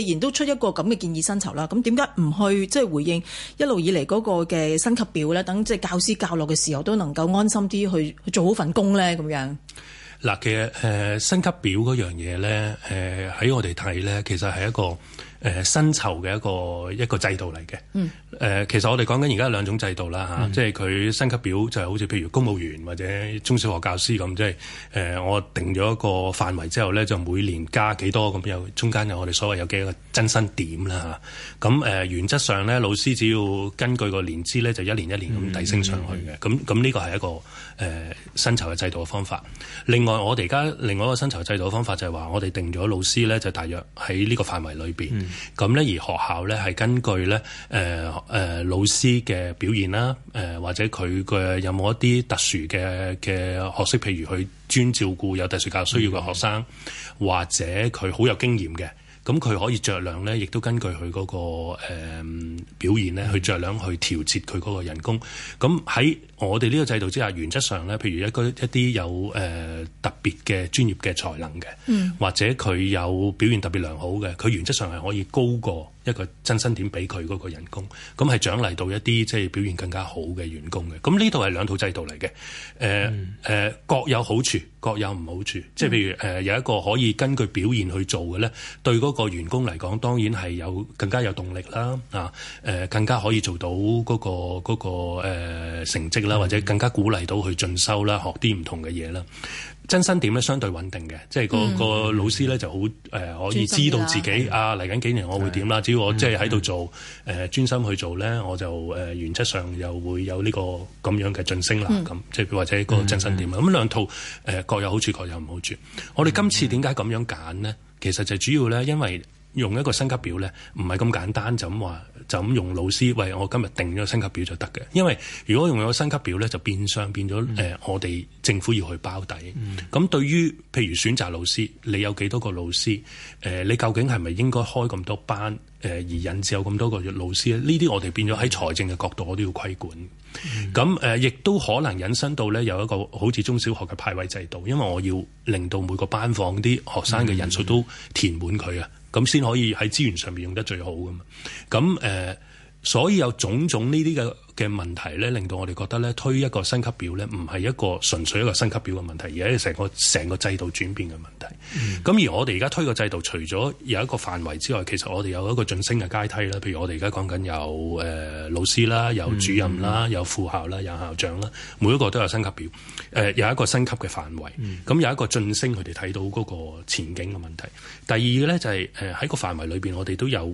既然都出一個咁嘅建議薪酬啦，咁點解唔去即係回應一路以嚟嗰個嘅？薪級表咧，等即係教師教落嘅時候都能夠安心啲去做好份工咧，咁、呃、樣。嗱、呃，其實誒，薪級表嗰樣嘢咧，誒喺我哋睇咧，其實係一個誒薪酬嘅一個一個制度嚟嘅。嗯。誒、呃，其實我哋講緊而家兩種制度啦嚇，啊嗯、即係佢薪級表就係好似譬如公務員或者中小學教師咁，即係誒我定咗一個範圍之後咧，就每年加幾多咁有、嗯、中間有我哋所謂有幾多個增薪點啦嚇。咁、啊、誒、啊呃、原則上咧，老師只要根據個年資咧，就一年一年咁提升上去嘅。咁咁呢個係一個誒薪酬嘅制度嘅方法。另外我哋而家另外一個薪酬制度嘅方法就係話，我哋定咗老師咧就大約喺呢個範圍裏邊，咁咧、嗯嗯、而學校咧係根據咧誒。呃呃呃呃呃呃呃呃誒、呃、老師嘅表現啦，誒、呃、或者佢嘅有冇一啲特殊嘅嘅學識，譬如佢專照顧有特殊教育需要嘅學生，嗯、或者佢好有經驗嘅，咁、嗯、佢可以着量咧，亦都根據佢嗰、那個、呃、表現咧，去着量去調節佢嗰個人工。咁、嗯、喺、嗯、我哋呢個制度之下，原則上咧，譬如一啲一啲有誒、呃、特別嘅專業嘅才能嘅，或者佢有表現特別良好嘅，佢原則上係可以高過。一個增薪點比佢嗰個人工，咁係獎勵到一啲，即係表現更加好嘅員工嘅。咁呢度係兩套制度嚟嘅，誒、呃、誒，嗯、各有好處，各有唔好處。即係譬如誒、呃、有一個可以根據表現去做嘅咧，對嗰個員工嚟講，當然係有更加有動力啦啊誒、呃，更加可以做到嗰、嗰個、嗰個誒、呃、成績啦，或者更加鼓勵到去進修啦，學啲唔同嘅嘢啦。增薪點咧，相對穩定嘅，即係個個老師咧、嗯、就好誒，可、呃、以知道自己、嗯、啊嚟緊幾年我會點啦。對只要我即係喺度做誒、嗯呃、專心去做咧，我就誒、呃、原則上又會有呢、這個咁樣嘅晉升啦。咁即係或者個增薪點咁、嗯、兩套誒、呃、各有好處，各有唔好處。嗯、我哋今次點解咁樣揀呢？其實就主要咧，因為。用一個薪級表咧，唔係咁簡單就咁話，就咁用老師喂，我今日定咗薪級表就得嘅。因為如果用咗薪級表咧，就變相變咗誒、呃，我哋政府要去包底。咁、嗯、對於譬如選擇老師，你有幾多個老師？誒、呃，你究竟係咪應該開咁多班？誒，而引致有咁多個老師咧，呢啲我哋變咗喺財政嘅角度，我都要規管。咁誒、嗯，亦都可能引申到咧，有一個好似中小學嘅派位制度，因為我要令到每個班房啲學生嘅人數都填滿佢啊，咁先、嗯、可以喺資源上面用得最好噶嘛。咁誒。呃所以有種種呢啲嘅嘅問題咧，令到我哋覺得咧，推一個薪級表咧，唔係一個純粹一個薪級表嘅問題，而係成個成個制度轉變嘅問題。咁、嗯、而我哋而家推個制度，除咗有一個範圍之外，其實我哋有一個晉升嘅階梯啦。譬如我哋而家講緊有誒、呃、老師啦，有主任啦，嗯、有副校啦，有校長啦，每一個都有薪級表，誒、呃、有一個薪級嘅範圍，咁、嗯、有一個晉升，佢哋睇到嗰個前景嘅問題。第二、就是、個咧就係誒喺個範圍裏邊，我哋都有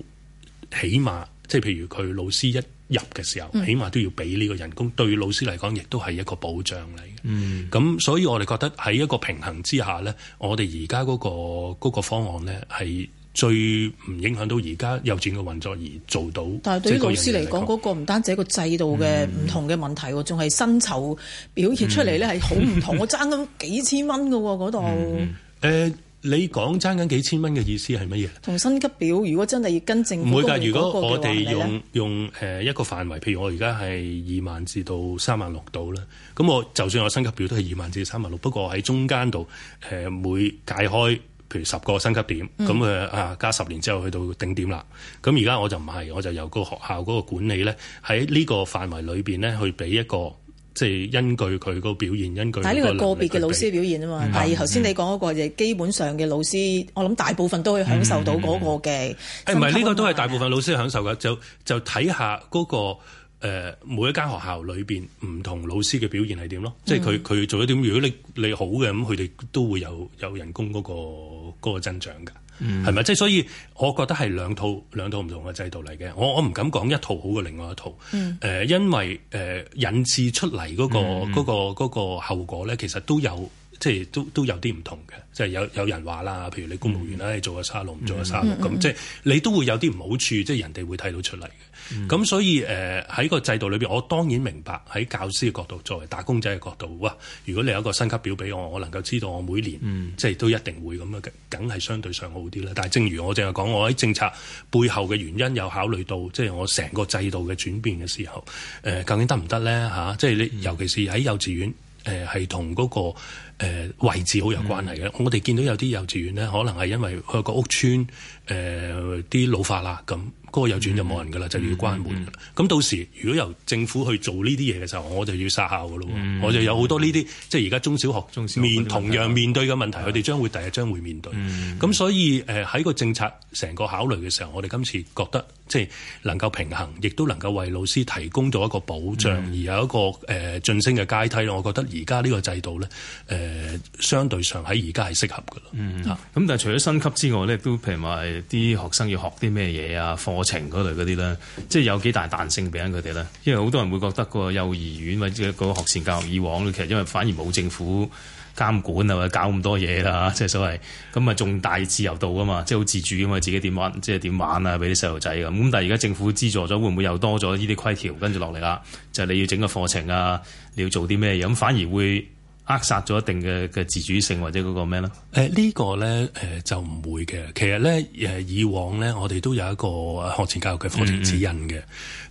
起碼。即係譬如佢老師一入嘅時候，起碼都要俾呢個人工，嗯、對老師嚟講亦都係一個保障嚟嘅。咁、嗯、所以我哋覺得喺一個平衡之下咧，我哋而家嗰個方案咧係最唔影響到而家幼稚園嘅運作而做到。但係對於老師嚟講，嗰、嗯、個唔單止係個制度嘅唔同嘅問題，仲係薪酬表現出嚟咧係好唔同。嗯、 我爭咁幾千蚊㗎喎嗰度。誒。嗯呃你講爭緊幾千蚊嘅意思係乜嘢？同薪級表如果真係要跟政府，唔會㗎。如果我哋用用誒一個範圍，譬如我而家係二萬至到三萬六度啦，咁我就算有薪級表都係二萬至三萬六。不過喺中間度誒，每解開譬如十個薪級點，咁誒啊加十年之後去到頂點啦。咁而家我就唔係，我就由個學校嗰個管理咧喺呢個範圍裏邊咧去俾一個。即係根據佢個表現，因據。但係呢個個別嘅老師表現啊嘛，嗯、但係頭先你講嗰、嗰個、嗯、基本上嘅老師，嗯、我諗大部分都可以享受到嗰個嘅。誒，唔係呢個都係大部分老師享受嘅，就就睇下嗰、嗰個、呃、每一間學校裏邊唔同老師嘅表現係、嗯、點咯。即係佢佢做咗點，如果你你好嘅咁，佢哋都會有有人工嗰、嗰個嗰、嗰個增長㗎。係咪？即係所以，我覺得係兩套兩套唔同嘅制度嚟嘅。我我唔敢講一套好過另外一套。誒、mm. 呃，因為誒、呃、引致出嚟嗰、嗰個嗰、嗰個嗰個後果咧，其實都有即係都都有啲唔同嘅。即係有有人話啦，譬如你公務員啦，你做咗沙龍唔、mm. 做咗沙龍，咁、mm. 即係你都會有啲唔好處，即係人哋會睇到出嚟嘅。咁、嗯、所以誒喺、呃、個制度裏邊，我當然明白喺教師嘅角度，作為打工仔嘅角度啊，如果你有一個薪級表俾我，我能夠知道我每年、嗯、即係都一定會咁樣，梗係相對上好啲啦。但係正如我淨係講，我喺政策背後嘅原因，有考慮到即係我成個制度嘅轉變嘅時候，誒、呃、究竟得唔得咧？嚇、啊，即係你尤其是喺幼稚園誒係同嗰個、呃、位置好有關係嘅。嗯、我哋見到有啲幼稚園咧，可能係因為佢個屋邨誒啲老化啦咁。嗰個右轉就冇人噶啦，就要關門。咁到時如果由政府去做呢啲嘢嘅時候，我就要殺校噶咯。我就有好多呢啲即係而家中小學中面同樣面對嘅問題，佢哋將會第日將會面對。咁所以誒喺個政策成個考慮嘅時候，我哋今次覺得即係能夠平衡，亦都能夠為老師提供咗一個保障，而有一個誒晉升嘅階梯，我覺得而家呢個制度呢，誒相對上喺而家係適合噶咯。嚇！咁但係除咗升級之外呢，都譬如話啲學生要學啲咩嘢啊，課情嗰啲咧，即係有幾大彈性俾佢哋咧，因為好多人會覺得個幼兒園或者嗰個學前教育以往咧，其實因為反而冇政府監管啊，或者搞咁多嘢啦，即係所謂咁啊，仲大自由度啊嘛，即係好自主啊嘛，自己點玩即係點玩啊，俾啲細路仔咁。咁但係而家政府資助咗，會唔會又多咗呢啲規條跟住落嚟啦？就係你要整個課程啊，你要做啲咩嘢咁，反而會扼殺咗一定嘅嘅自主性或者嗰個咩咧？誒、呃呢個、呢個咧誒就唔會嘅。其實咧誒、呃、以往咧，我哋都有一個學前教育嘅課程指引嘅。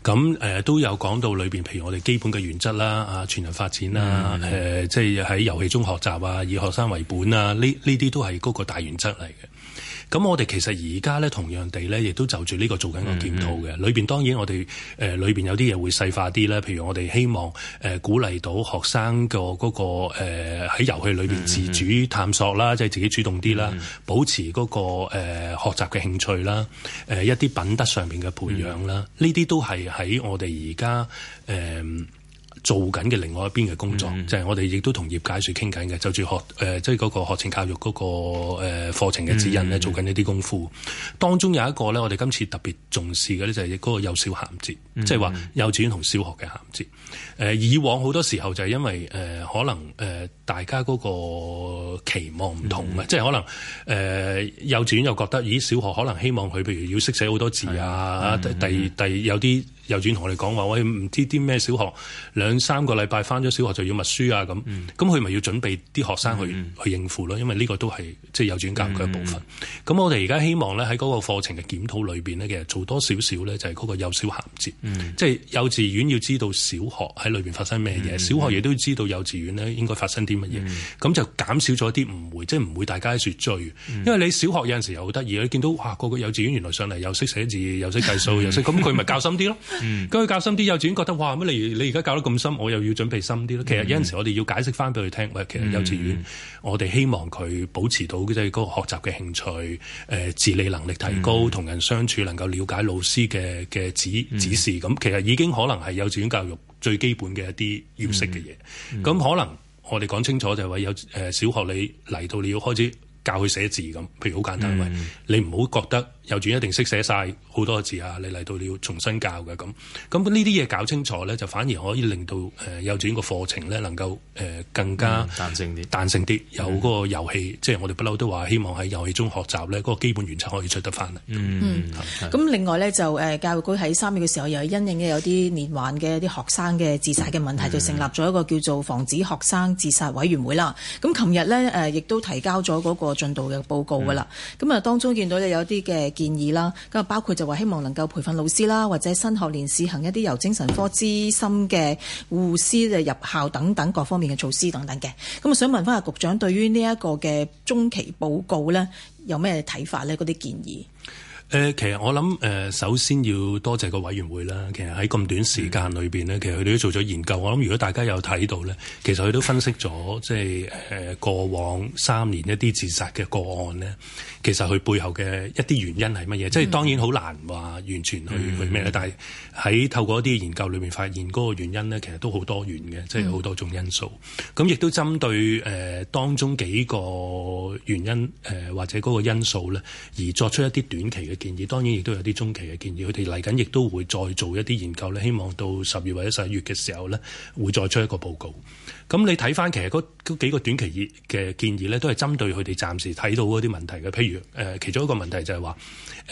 咁誒、嗯嗯呃、都有講到裏邊，譬如我哋基本嘅原則啦，啊全人發展啦，誒即係喺遊戲中學習啊，以學生為本啊，呢呢啲都係嗰個大原則嚟嘅。咁我哋其實而家咧，同樣地咧，亦都就住呢個做緊個檢討嘅。裏邊、mm hmm. 當然我哋誒裏邊有啲嘢會細化啲啦，譬如我哋希望誒、呃、鼓勵到學生，嗰個嗰個喺遊戲裏邊自主探索啦，mm hmm. 即係自己主動啲啦，mm hmm. 保持嗰、嗰個誒、呃、學習嘅興趣啦，誒、呃、一啲品德上面嘅培養啦，呢啲、mm hmm. 都係喺我哋而家誒。呃做緊嘅另外一邊嘅工作，mm hmm. 就係我哋亦都同業界説傾緊嘅，就住學誒，即係嗰個學前教育嗰個誒課程嘅指引咧，mm hmm. 做緊呢啲功夫。當中有一個咧，我哋今次特別重視嘅咧，就係嗰個幼小銜接，即係話幼稚園同小學嘅銜接。誒、呃、以往好多時候就係因為誒、呃、可能誒。呃大家嗰個期望唔同嘅，即係可能誒幼稚園又覺得，咦小學可能希望佢譬如要識寫好多字啊，第第有啲幼稚園同我哋講話，喂唔知啲咩小學兩三個禮拜翻咗小學就要默書啊咁，咁佢咪要準備啲學生去去應付咯，因為呢個都係即係幼稚園教育嘅一部分。咁我哋而家希望咧喺嗰個課程嘅檢討裏邊咧，其實做多少少咧就係嗰個幼小銜接，即係幼稚園要知道小學喺裏邊發生咩嘢，小學亦都知道幼稚園咧應該發生啲。啲乜嘢，咁就減少咗啲誤會，即係唔會大家説謠。嗯、因為你小學有陣時又好得意，你見到哇個個幼稚園原來上嚟又識寫字，又識計數， 又識，咁佢咪教深啲咯？咁佢、嗯、教深啲幼稚園覺得哇乜？你你而家教得咁深，我又要準備深啲咯。其實有陣時我哋要解釋返俾佢聽，喂，其實幼稚園、嗯、我哋希望佢保持到即係嗰個學習嘅興趣，誒、呃、自理能力提高，同、嗯、人相處能夠了解老師嘅嘅指指示咁，嗯嗯、其實已經可能係幼稚園教育最基本嘅一啲要識嘅嘢，咁、嗯嗯、可能。我哋講清楚就係、是、話有誒、呃、小學你嚟到你要開始。教佢寫字咁，譬如好簡單，嗯、你唔好覺得幼稚園一定識寫晒好多字啊！你嚟到你要重新教嘅咁，咁呢啲嘢搞清楚呢，就反而可以令到誒幼稚園個課程呢，能夠誒、呃、更加彈性啲，彈性啲，有嗰個遊戲，即係、嗯、我哋不嬲都話希望喺遊戲中學習呢，嗰、嗰個基本原則可以出得翻啦。咁另外呢，就誒教育局喺三月嘅時候又係因應嘅有啲年環嘅一啲學生嘅自殺嘅問題，就成立咗一個叫做防止學生自殺委員會啦。咁琴日呢，誒亦都提交咗嗰、嗰個。進度嘅報告噶啦，咁啊、嗯、當中見到你有啲嘅建議啦，咁啊包括就話希望能夠培訓老師啦，或者新學年試行一啲由精神科資深嘅護師嘅入校等等各方面嘅措施等等嘅，咁、嗯、啊想問翻阿局長，對於呢一個嘅中期報告呢，有咩睇法呢？嗰啲建議？誒、呃，其實我諗誒、呃，首先要多謝個委員會啦。其實喺咁短時間裏邊咧，嗯、其實佢哋都做咗研究。我諗如果大家有睇到咧，其實佢都分析咗，即係誒過往三年一啲自殺嘅個案咧，其實佢背後嘅一啲原因係乜嘢？嗯、即係當然好難話完全去明咩啦。嗯、但係喺透過一啲研究裏面發現嗰個原因咧，其實都好多元嘅，即係好多種因素。咁亦、嗯、都針對誒、呃、當中幾個原因誒、呃、或者嗰個因素咧，而作出一啲短期嘅建議當然亦都有啲中期嘅建議，佢哋嚟緊亦都會再做一啲研究咧，希望到十月或者十一月嘅時候咧，會再出一個報告。咁你睇翻其實嗰嗰幾個短期嘅建議咧，都係針對佢哋暫時睇到嗰啲問題嘅。譬如誒、呃，其中一個問題就係話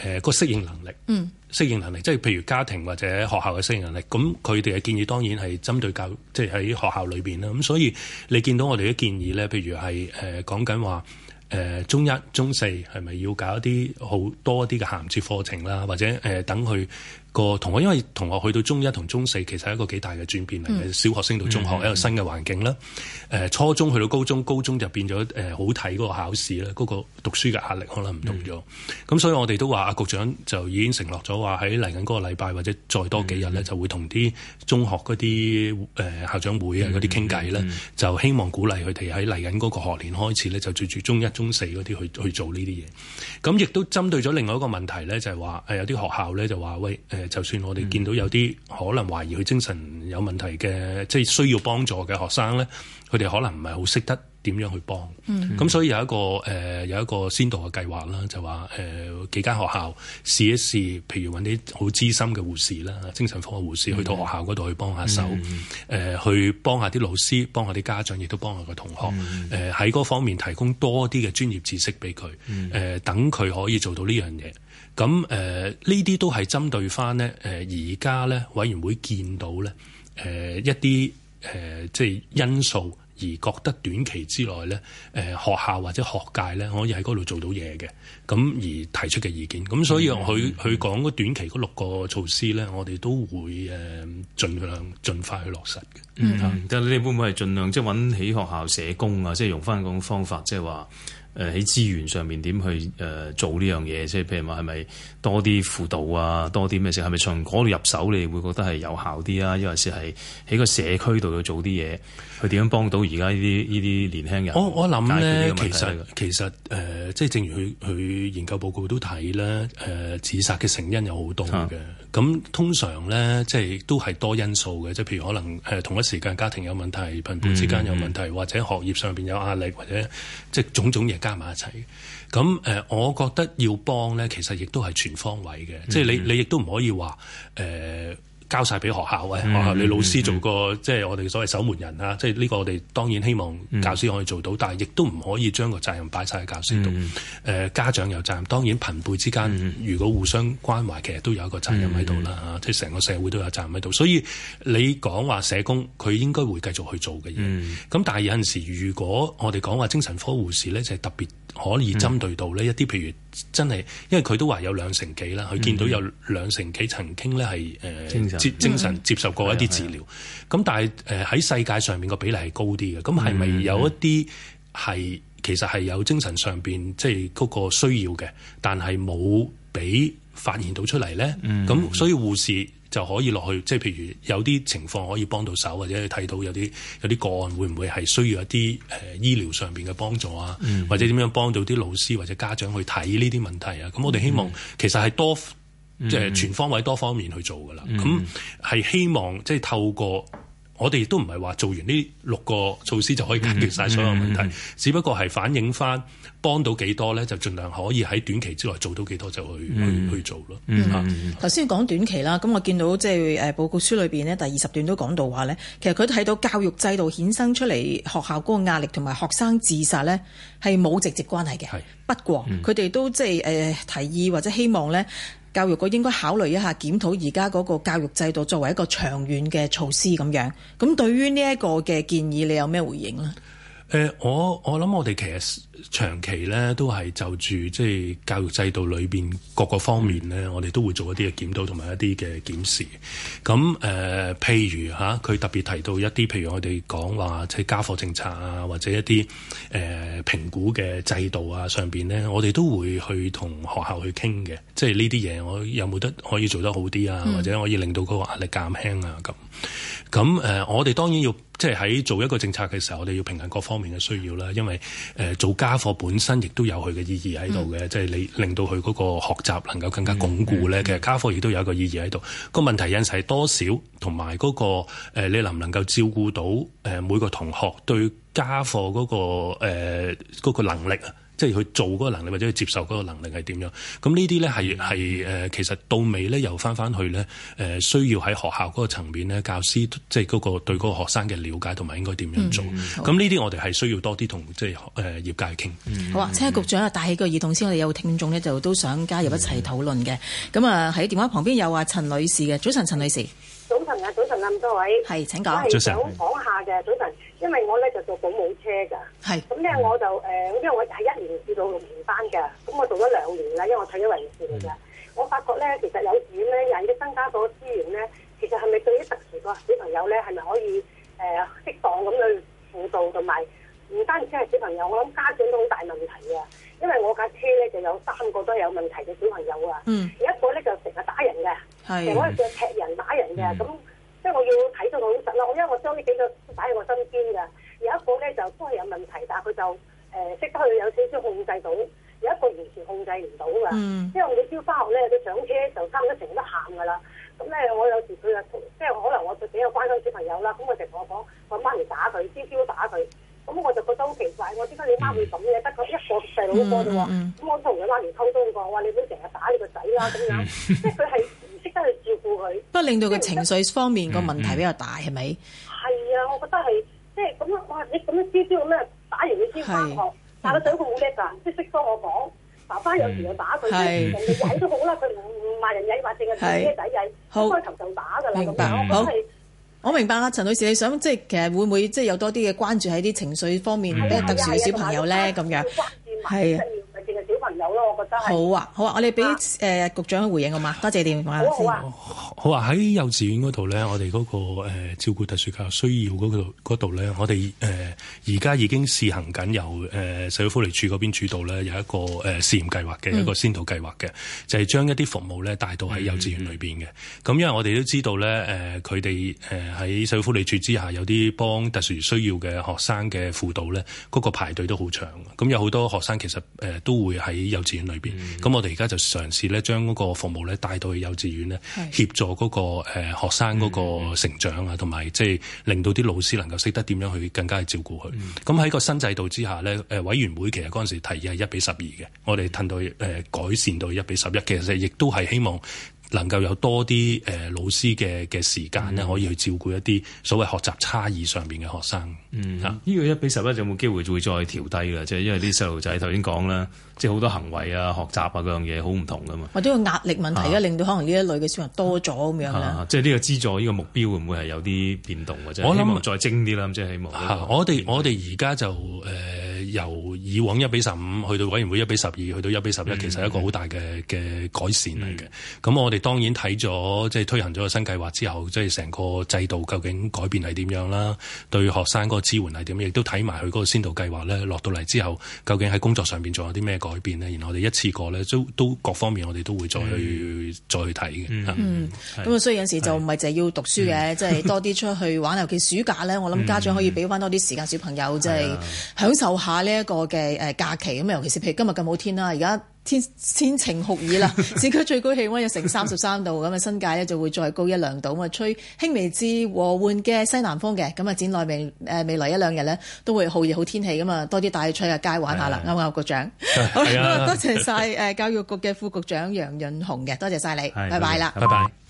誒個適應能力，嗯、適應能力即係譬如家庭或者學校嘅適應能力。咁佢哋嘅建議當然係針對教，即係喺學校裏邊啦。咁所以你見到我哋嘅建議咧，譬如係誒講緊話。呃說說誒、呃，中一、中四係咪要搞一啲好多啲嘅銜接課程啦，或者誒、呃，等佢。個同學，因為同學去到中一同中四其實係一個幾大嘅轉變嚟嘅，嗯、小學升到中學一個新嘅環境啦。誒、嗯，嗯、初中去到高中，高中就變咗誒好睇嗰個考試啦，嗰、嗰個讀書嘅壓力可能唔同咗。咁、嗯、所以我哋都話阿局長就已經承諾咗話喺嚟緊嗰個禮拜或者再多幾日咧，就會同啲中學嗰啲誒校長會啊嗰啲傾偈咧，嗯嗯、就希望鼓勵佢哋喺嚟緊嗰個學年開始咧，就住住中一中四嗰啲去去做呢啲嘢。咁亦都針對咗另外一個問題咧，就係話誒有啲學校咧就話喂。呃就算我哋見到有啲可能懷疑佢精神有問題嘅，即係需要幫助嘅學生咧，佢哋可能唔係好識得點樣去幫，咁、嗯、所以有一個誒有一個先導嘅計劃啦，就話誒幾間學校試一試，譬如揾啲好資深嘅護士啦，精神科嘅護士去到學校嗰度去幫下手，誒、嗯呃、去幫下啲老師，幫下啲家長，亦都幫下個同學，誒喺嗰方面提供多啲嘅專業知識俾佢，誒等佢可以做到呢樣嘢。咁誒呢啲都係針對翻、呃、呢。誒而家咧委員會見到咧誒、呃、一啲誒、呃、即係因素而覺得短期之內咧誒、呃、學校或者學界咧可以喺嗰度做到嘢嘅，咁而提出嘅意見。咁所以佢佢講嘅短期嗰六個措施咧，我哋都會誒盡量盡快去落實嘅。嗯，但、嗯嗯、你會唔會係盡量即係揾起學校社工啊？即、就、係、是、用翻嗰種方法，即係話。誒喺、呃、資源上面點去誒、呃、做呢樣嘢？即係譬如話係咪多啲輔導啊，多啲咩先？係咪從嗰度入手你會覺得係有效啲啊？又或者係喺個社區度去做啲嘢，佢點樣幫到而家呢啲呢啲年輕人我？我我諗咧，其實其實誒、呃，即係正如佢佢研究報告都睇啦，誒、呃、自殺嘅成因有好多嘅。咁、啊、通常咧，即係都係多因素嘅。即係譬如可能誒同一時間家庭有問題、貧富之間有問題，嗯嗯、或者學業上邊有壓力，或者即係種種，種加埋一齊。咁誒、呃，我覺得要幫咧，其實亦都係全方位嘅，嗯嗯即係你你亦都唔可以話誒。呃交晒俾學校嘅，嗯、學校你老師做個、嗯、即係我哋所謂守門人啦，嗯、即係呢個我哋當然希望教師可以做到，嗯、但係亦都唔可以將個責任擺晒喺教師度。誒、嗯呃，家長有責任，當然朋輩之間、嗯、如果互相關懷，其實都有一個責任喺度啦嚇，即係成個社會都有責任喺度。所以你講話社工，佢應該會繼續去做嘅嘢。咁、嗯、但係有陣時，如果我哋講話精神科護士咧，就係、是、特別。可以針對到呢一啲，譬、嗯、如真係，因為佢都話有兩成幾啦，佢見、嗯、到有兩成幾曾經咧係誒精神接精神接受過一啲治療，咁、嗯、但係誒喺世界上面個比例係高啲嘅，咁係咪有一啲係、嗯、其實係有精神上面即係嗰個需要嘅，但係冇俾發現到出嚟咧？咁、嗯、所以護士。就可以落去，即係譬如有啲情況可以幫到手，或者睇到有啲有啲個案會唔會係需要一啲誒、呃、醫療上邊嘅幫助啊，嗯、或者點樣幫到啲老師或者家長去睇呢啲問題啊？咁、嗯、我哋希望、嗯、其實，係多即係全方位多方面去做㗎啦。咁係、嗯、希望即係、就是、透過。我哋亦都唔係話做完呢六個措施就可以解決晒所有問題，嗯嗯、只不過係反映翻幫到幾多咧，就盡量可以喺短期之內做到幾多就、嗯、去去去做咯。頭先講短期啦，咁我見到即係誒報告書裏邊呢，第二十段都講到話咧，其實佢睇到教育制度衍生出嚟學校嗰個壓力同埋學生自殺咧係冇直接關係嘅。是不過佢哋都即係誒提議或者希望咧。教育局應該考慮一下檢討而家嗰個教育制度，作為一個長遠嘅措施咁樣。咁對於呢一個嘅建議，你有咩回應呢？誒、呃，我我諗我哋其實。長期咧都係就住即係教育制度裏邊各個方面咧，我哋都會做一啲嘅檢討同埋一啲嘅檢視。咁誒、呃，譬如吓，佢特別提到一啲，譬如我哋講話即係家課政策啊，或者一啲誒、呃、評估嘅制度啊上邊咧，我哋都會去同學校去傾嘅。即係呢啲嘢，我有冇得可以做得好啲啊？嗯、或者可以令到嗰個壓力減輕啊？咁咁誒，我哋當然要即係喺做一個政策嘅時候，我哋要平衡各方面嘅需要啦。因為誒、呃、做家。家課本身亦都有佢嘅意義喺度嘅，嗯、即係你令到佢嗰個學習能夠更加鞏固咧。嗯、其實家課亦都有一個意義喺度。個、嗯、問題引晒多少同埋嗰個誒，你能唔能夠照顧到誒每個同學對家課嗰、嗰個誒、呃嗰個能力啊？即係去做嗰個能力，或者佢接受嗰個能力係點樣？咁呢啲咧係係誒，其實到尾咧又翻翻去咧誒、呃，需要喺學校嗰個層面咧，教師即係嗰個對嗰個學生嘅了解同埋應該點樣做？咁呢啲我哋係需要多啲同即係誒業界傾。好啊，請下局長啊，帶起個熱度先，我哋有聽眾咧就都想加入一齊討論嘅。咁啊、嗯，喺電話旁邊有啊，陳女士嘅，早晨，陳女士。早晨啊，早晨啊，咁多位係，請講，早晨。我係想講下嘅，早晨，因為我咧就做保姆車㗎。係是。咁咧我就誒、呃，因為我係一年至到六年班㗎。咁、嗯、我做咗兩年啦，因為我退休人士嚟㗎。是我發覺咧，其實有險有時咧，人嘅增加咗資源咧，其實係咪對於特殊個小朋友咧，係咪可以誒適當咁去輔導同埋？呃唔單止係小朋友，我諗家長都好大問題啊！因為我架車咧就有三個都係有問題嘅小朋友啊，嗯、一個咧就成日打人嘅，成日踢人打人嘅，咁即係我要睇到好實啦。因為我將呢幾個擺喺我身邊嘅，有一個咧就都係有問題，但係佢就誒識、呃、得佢有少少控制到，有一個完全控制唔到㗎。即、嗯、為我朝返學咧，佢上車就差唔多成日都喊㗎啦。咁咧我有時佢又即係可能我自己較關心小朋友啦，咁我成日同我講，我媽咪打佢，朝朝打佢。咁我就覺得好奇怪，我點解你媽會咁嘅？得個一個細佬哥啫，咁我同佢媽咪溝通過，話你唔好成日打你個仔啦，咁樣，即係佢係唔識得去照顧佢。不過令到佢情緒方面個問題比較大，係咪？係啊，我覺得係即係咁啊！哇，你咁樣嬌嬌咁樣打完你先翻學，但係個仔佢好叻㗎，即係識幫我講。爸爸有時又打佢，但係個仔都好啦，佢唔唔罵人仔，罵淨係自己嘅仔仔。開頭就打㗎啦，明白好。我明白啊，陳女士，你想即係其實會唔會即係有多啲嘅關注喺啲情緒方面比較、嗯、特殊嘅小朋友咧咁樣？係啊、嗯。有我覺得。好啊，好啊，我哋俾誒局長去回應好嘛？多謝你，講下先。好啊，喺先、啊、幼稚園嗰度咧，我哋嗰、嗰個、呃、照顧特殊教育需要嗰度咧，我哋誒而家已經試行緊由誒社會福利署嗰邊主導咧，有一個誒、呃、試驗計劃嘅一個先導計劃嘅，嗯、就係將一啲服務咧帶到喺幼稚園裏邊嘅。咁、嗯嗯、因為我哋都知道咧，誒佢哋誒喺社會福利署之下有啲幫特殊需要嘅學生嘅輔導咧，嗰、嗰個排隊都好長。咁有好多學生其實誒都會喺幼稚園裏邊，咁、嗯、我哋而家就嘗試咧，將嗰個服務咧帶到去幼稚園咧，協助嗰個誒學生嗰個成長啊，同埋即係令到啲老師能夠識得點樣去更加去照顧佢。咁喺、嗯、個新制度之下咧，誒委員會其實嗰陣時提議係一比十二嘅，嗯、我哋褪到誒改善到一比十一，嘅，其實亦都係希望能夠有多啲誒老師嘅嘅時間咧，可以去照顧一啲所謂學習差異上邊嘅學生。吓，呢個一比十一就冇機會會再調低啦？即係因為啲細路仔頭先講啦。嗯即係好多行為啊、學習啊嗰樣嘢好唔同噶嘛，或者個壓力問題啊，令到可能呢一類嘅小朋友多咗咁、啊、樣啦。即係呢個資助呢、呢個目標會唔會係有啲變，想、就是、變動？我諗再精啲啦，即係希望。我哋我哋而家就誒、呃、由以往一比十五去到委員會一比十二，去到一比十一，其實一個好大嘅嘅、嗯、改善嚟嘅。咁、嗯嗯、我哋當然睇咗即係推行咗個新計劃之後，即係成個制度究竟改變係點樣啦？對學生嗰個支援係點？亦都睇埋佢嗰個先導計劃咧落到嚟之後，究竟喺工作上邊仲有啲咩改變咧，然後我哋一次過咧，都都各方面我哋都會再去、嗯、再去睇嘅。嗯，咁啊，所以有陣時就唔係淨係要讀書嘅，即係是多啲出去玩。尤其、嗯、暑假咧， 我諗家長可以俾翻多啲時間小朋友，即係享受下呢一個嘅誒假期。咁、啊、尤其是譬如今日咁好天啦，而家。天晴酷熱啦，市區最高氣温有成三十三度，咁啊 新界咧就會再高一兩度，咁啊吹輕微至和緩嘅西南風嘅，咁啊展內未誒未來一兩日咧都會好熱好天氣噶嘛，多啲帶佢出去街玩，玩下啦，啱唔啱局長？好，多謝晒誒教育局嘅副局長楊潤雄嘅，多謝晒你，是是拜拜啦是，拜拜。拜拜。